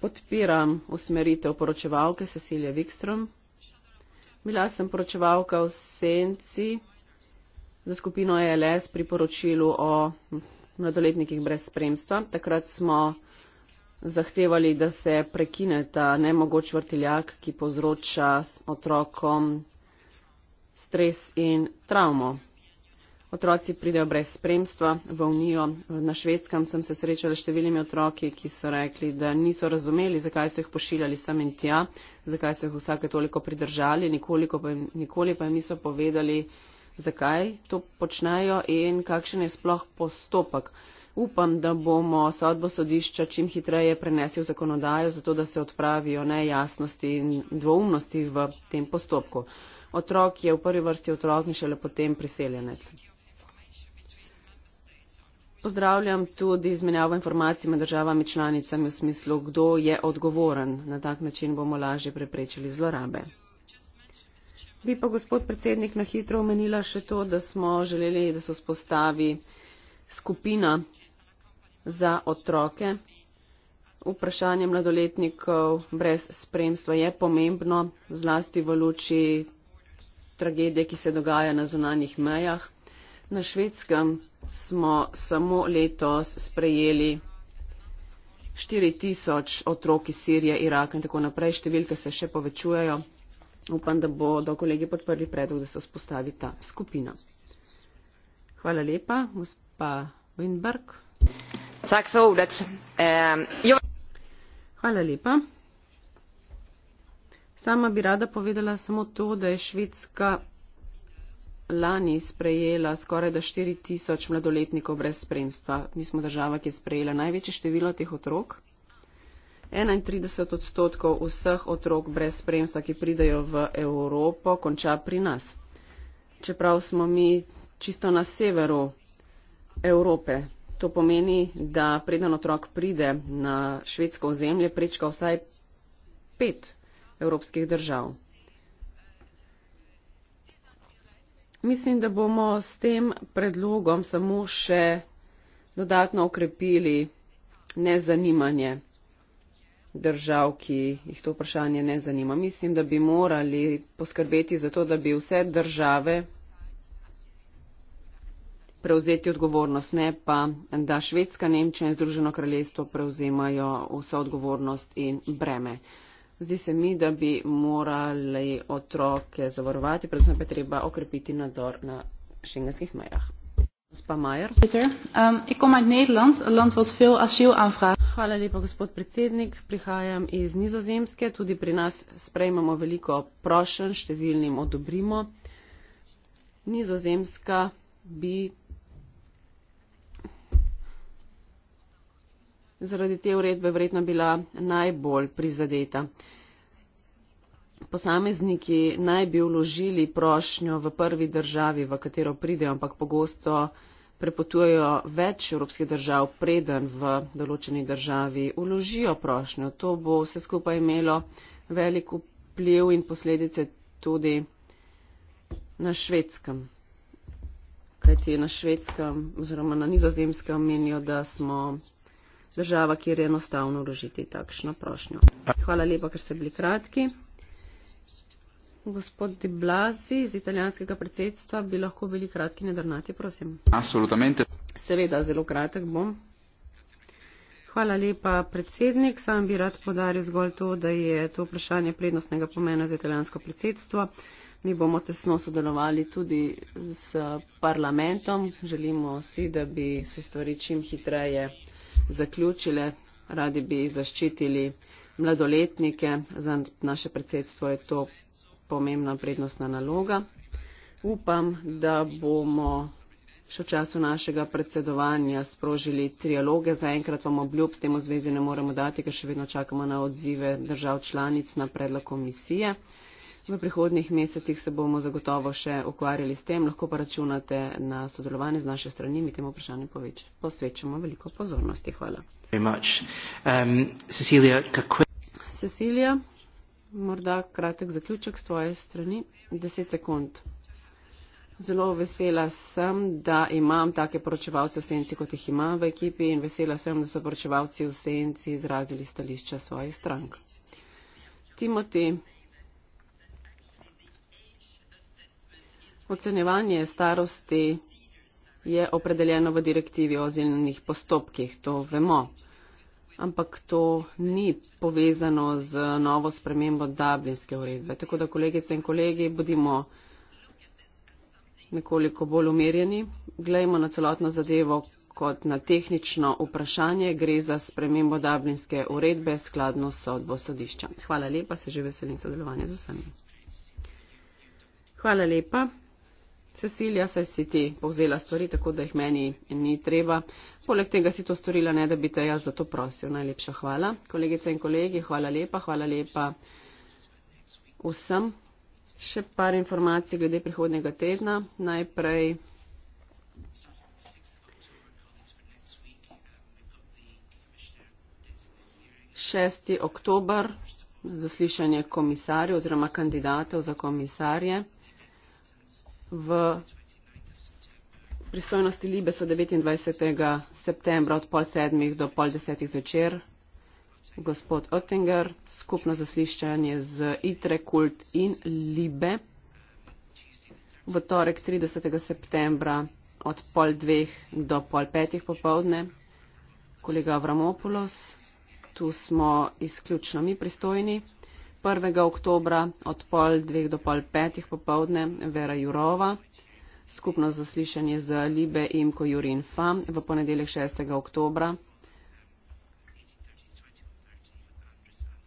Podpiram usmeritev poročevalke Cecilije Wikström. Bila sem poročevalka v Senci za skupino ELS pri poročilu o mladoletnikih brez spremstva. Takrat smo zahtevali, da se prekine ta nemogoč vrtiljak, ki povzroča otrokom stres in travmo otroci pridejo brez spremstva v unijo. Na švedskem sem se srečala s številnimi otroki, ki so rekli, da niso razumeli, zakaj so jih pošiljali sem in tja, zakaj so jih vsake toliko pridržali, pa jim, nikoli pa jim niso povedali, zakaj to počnejo in kakšen je sploh postopek. Upam, da bomo sodbo sodišča čim hitreje prenesli v zakonodajo, zato da se odpravijo nejasnosti in dvoumnosti v tem postopku. Otrok je v prvi vrsti otrok in šele potem priseljenec. Pozdravljam tudi izmenjavo informacij med državami članicami v smislu, kdo je odgovoren. Na tak način bomo lažje preprečili zlorabe. Bi pa gospod predsednik na hitro omenila še to, da smo želeli, da se vzpostavi skupina za otroke. Vprašanje mladoletnikov brez spremstva je pomembno, zlasti v luči tragedije, ki se dogaja na zunanjih mejah na švedskem smo samo letos sprejeli 4000 otrok iz Sirije, Iraka in tako naprej. Številke se še povečujejo. Upam, da bodo kolegi podprli predlog, da se vzpostavi ta skupina. Hvala lepa, gospa Winberg. Hvala lepa. Sama bi rada povedala samo to, da je Švedska lani sprejela skoraj da 4000 mladoletnikov brez spremstva. Mi smo država, ki je sprejela največje število teh otrok. 31 odstotkov vseh otrok brez spremstva, ki pridejo v Evropo, konča pri nas. Čeprav smo mi čisto na severu Evrope, to pomeni, da preden otrok pride na švedsko ozemlje, prečka vsaj pet evropskih držav. Mislim, da bomo s tem predlogom samo še dodatno okrepili nezanimanje držav, ki jih to vprašanje ne zanima. Mislim, da bi morali poskrbeti za to, da bi vse države prevzeti odgovornost, ne pa, da Švedska, Nemčija in Združeno kraljestvo prevzemajo vso odgovornost in breme. Zdi se mi, da bi morali otroke zavarovati, predvsem pa treba okrepiti nadzor na šengenskih mejah. Um, Hvala lepa, gospod predsednik. Prihajam iz Nizozemske. Tudi pri nas sprejmemo veliko prošen, številnim odobrimo. Nizozemska bi zaradi te uredbe verjetno bila najbolj prizadeta. Posamezniki naj bi vložili prošnjo v prvi državi, v katero pridejo, ampak pogosto prepotujejo več evropskih držav, preden v določeni državi vložijo prošnjo. To bo vse skupaj imelo velik vpliv in posledice tudi na švedskem. Kajti na švedskem oziroma na nizozemskem menijo, da smo država, kjer je enostavno vložiti takšno prošnjo. Hvala lepa, ker ste bili kratki. Gospod Di Blasi iz italijanskega predsedstva bi lahko bili kratki nedrnati, prosim. Absolutamente. Seveda, zelo kratek bom. Hvala lepa, predsednik. Sam bi rad podaril zgolj to, da je to vprašanje prednostnega pomena za italijansko predsedstvo. Mi bomo tesno sodelovali tudi s parlamentom. Želimo si, da bi se stvari čim hitreje zaključile. Radi bi zaščitili mladoletnike. Za naše predsedstvo je to pomembna prednostna naloga. Upam, da bomo še v času našega predsedovanja sprožili trialoge. Zaenkrat vam obljub s tem v zvezi ne moremo dati, ker še vedno čakamo na odzive držav članic na predlog komisije v prihodnjih mesecih se bomo zagotovo še ukvarjali s tem, lahko pa računate na sodelovanje z naše strani, mi temu vprašanju poveč. posvečamo veliko pozornosti. Hvala. Um, Cecilia, kako... Cecilia, morda kratek zaključek s tvoje strani. Deset sekund. Zelo vesela sem, da imam take poročevalce v senci, kot jih imam v ekipi in vesela sem, da so poročevalci v senci izrazili stališča svojih strank. Timothy, Ocenjevanje starosti je opredeljeno v direktivi o azilnih postopkih, to vemo. Ampak to ni povezano z novo spremembo Dublinske uredbe. Tako da, kolegice in kolegi, bodimo nekoliko bolj umirjeni. Glejmo na celotno zadevo kot na tehnično vprašanje. Gre za spremembo Dublinske uredbe skladno s sodbo sodišča. Hvala lepa, se že veselim sodelovanja z vsemi. Hvala lepa. Cecilija, saj si ti povzela stvari, tako da jih meni ni treba. Poleg tega si to storila, ne da bi te jaz za to prosil. Najlepša hvala. Kolegice in kolegi, hvala lepa, hvala lepa vsem. Še par informacij glede prihodnega tedna. Najprej. Šesti oktober zaslišanje komisarjev oziroma kandidatov za komisarje v pristojnosti Libe so 29. septembra od pol sedmih do pol desetih zvečer. Gospod Oettinger, skupno zaslišanje z ITRE, KULT in LIBE. V torek 30. septembra od pol dveh do pol petih popovdne. Kolega Avramopoulos, tu smo izključno mi pristojni. 1. oktobra od pol dveh do pol petih popovdne Vera Jurova, skupno zaslišanje z Libe Imko Jurin Fa v ponedeljek 6. oktobra.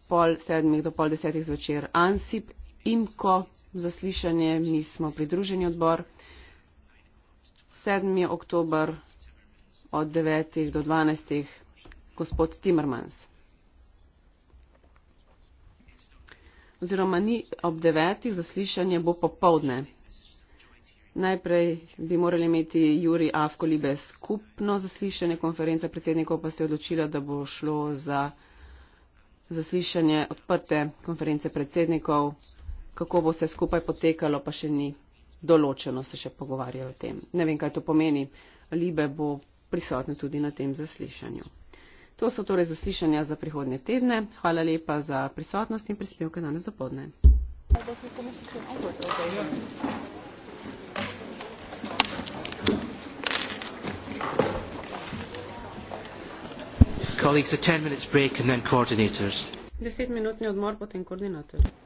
pol sedmih do pol desetih zvečer ANSIP, IMKO zaslišanje, mi smo pridruženi odbor. 7. oktober od 9. do 12. gospod Timmermans. oziroma ni ob devetih, zaslišanje bo popovdne. Najprej bi morali imeti Juri Avkolibe skupno zaslišanje, konferenca predsednikov pa se je odločila, da bo šlo za zaslišanje odprte konference predsednikov. Kako bo se skupaj potekalo, pa še ni določeno, se še pogovarjajo o tem. Ne vem, kaj to pomeni. Libe bo prisotna tudi na tem zaslišanju. To so torej zaslišanja za prihodnje tedne. Hvala lepa za prisotnost in prispevke danes zapodne. Deset minutni odmor, potem koordinator.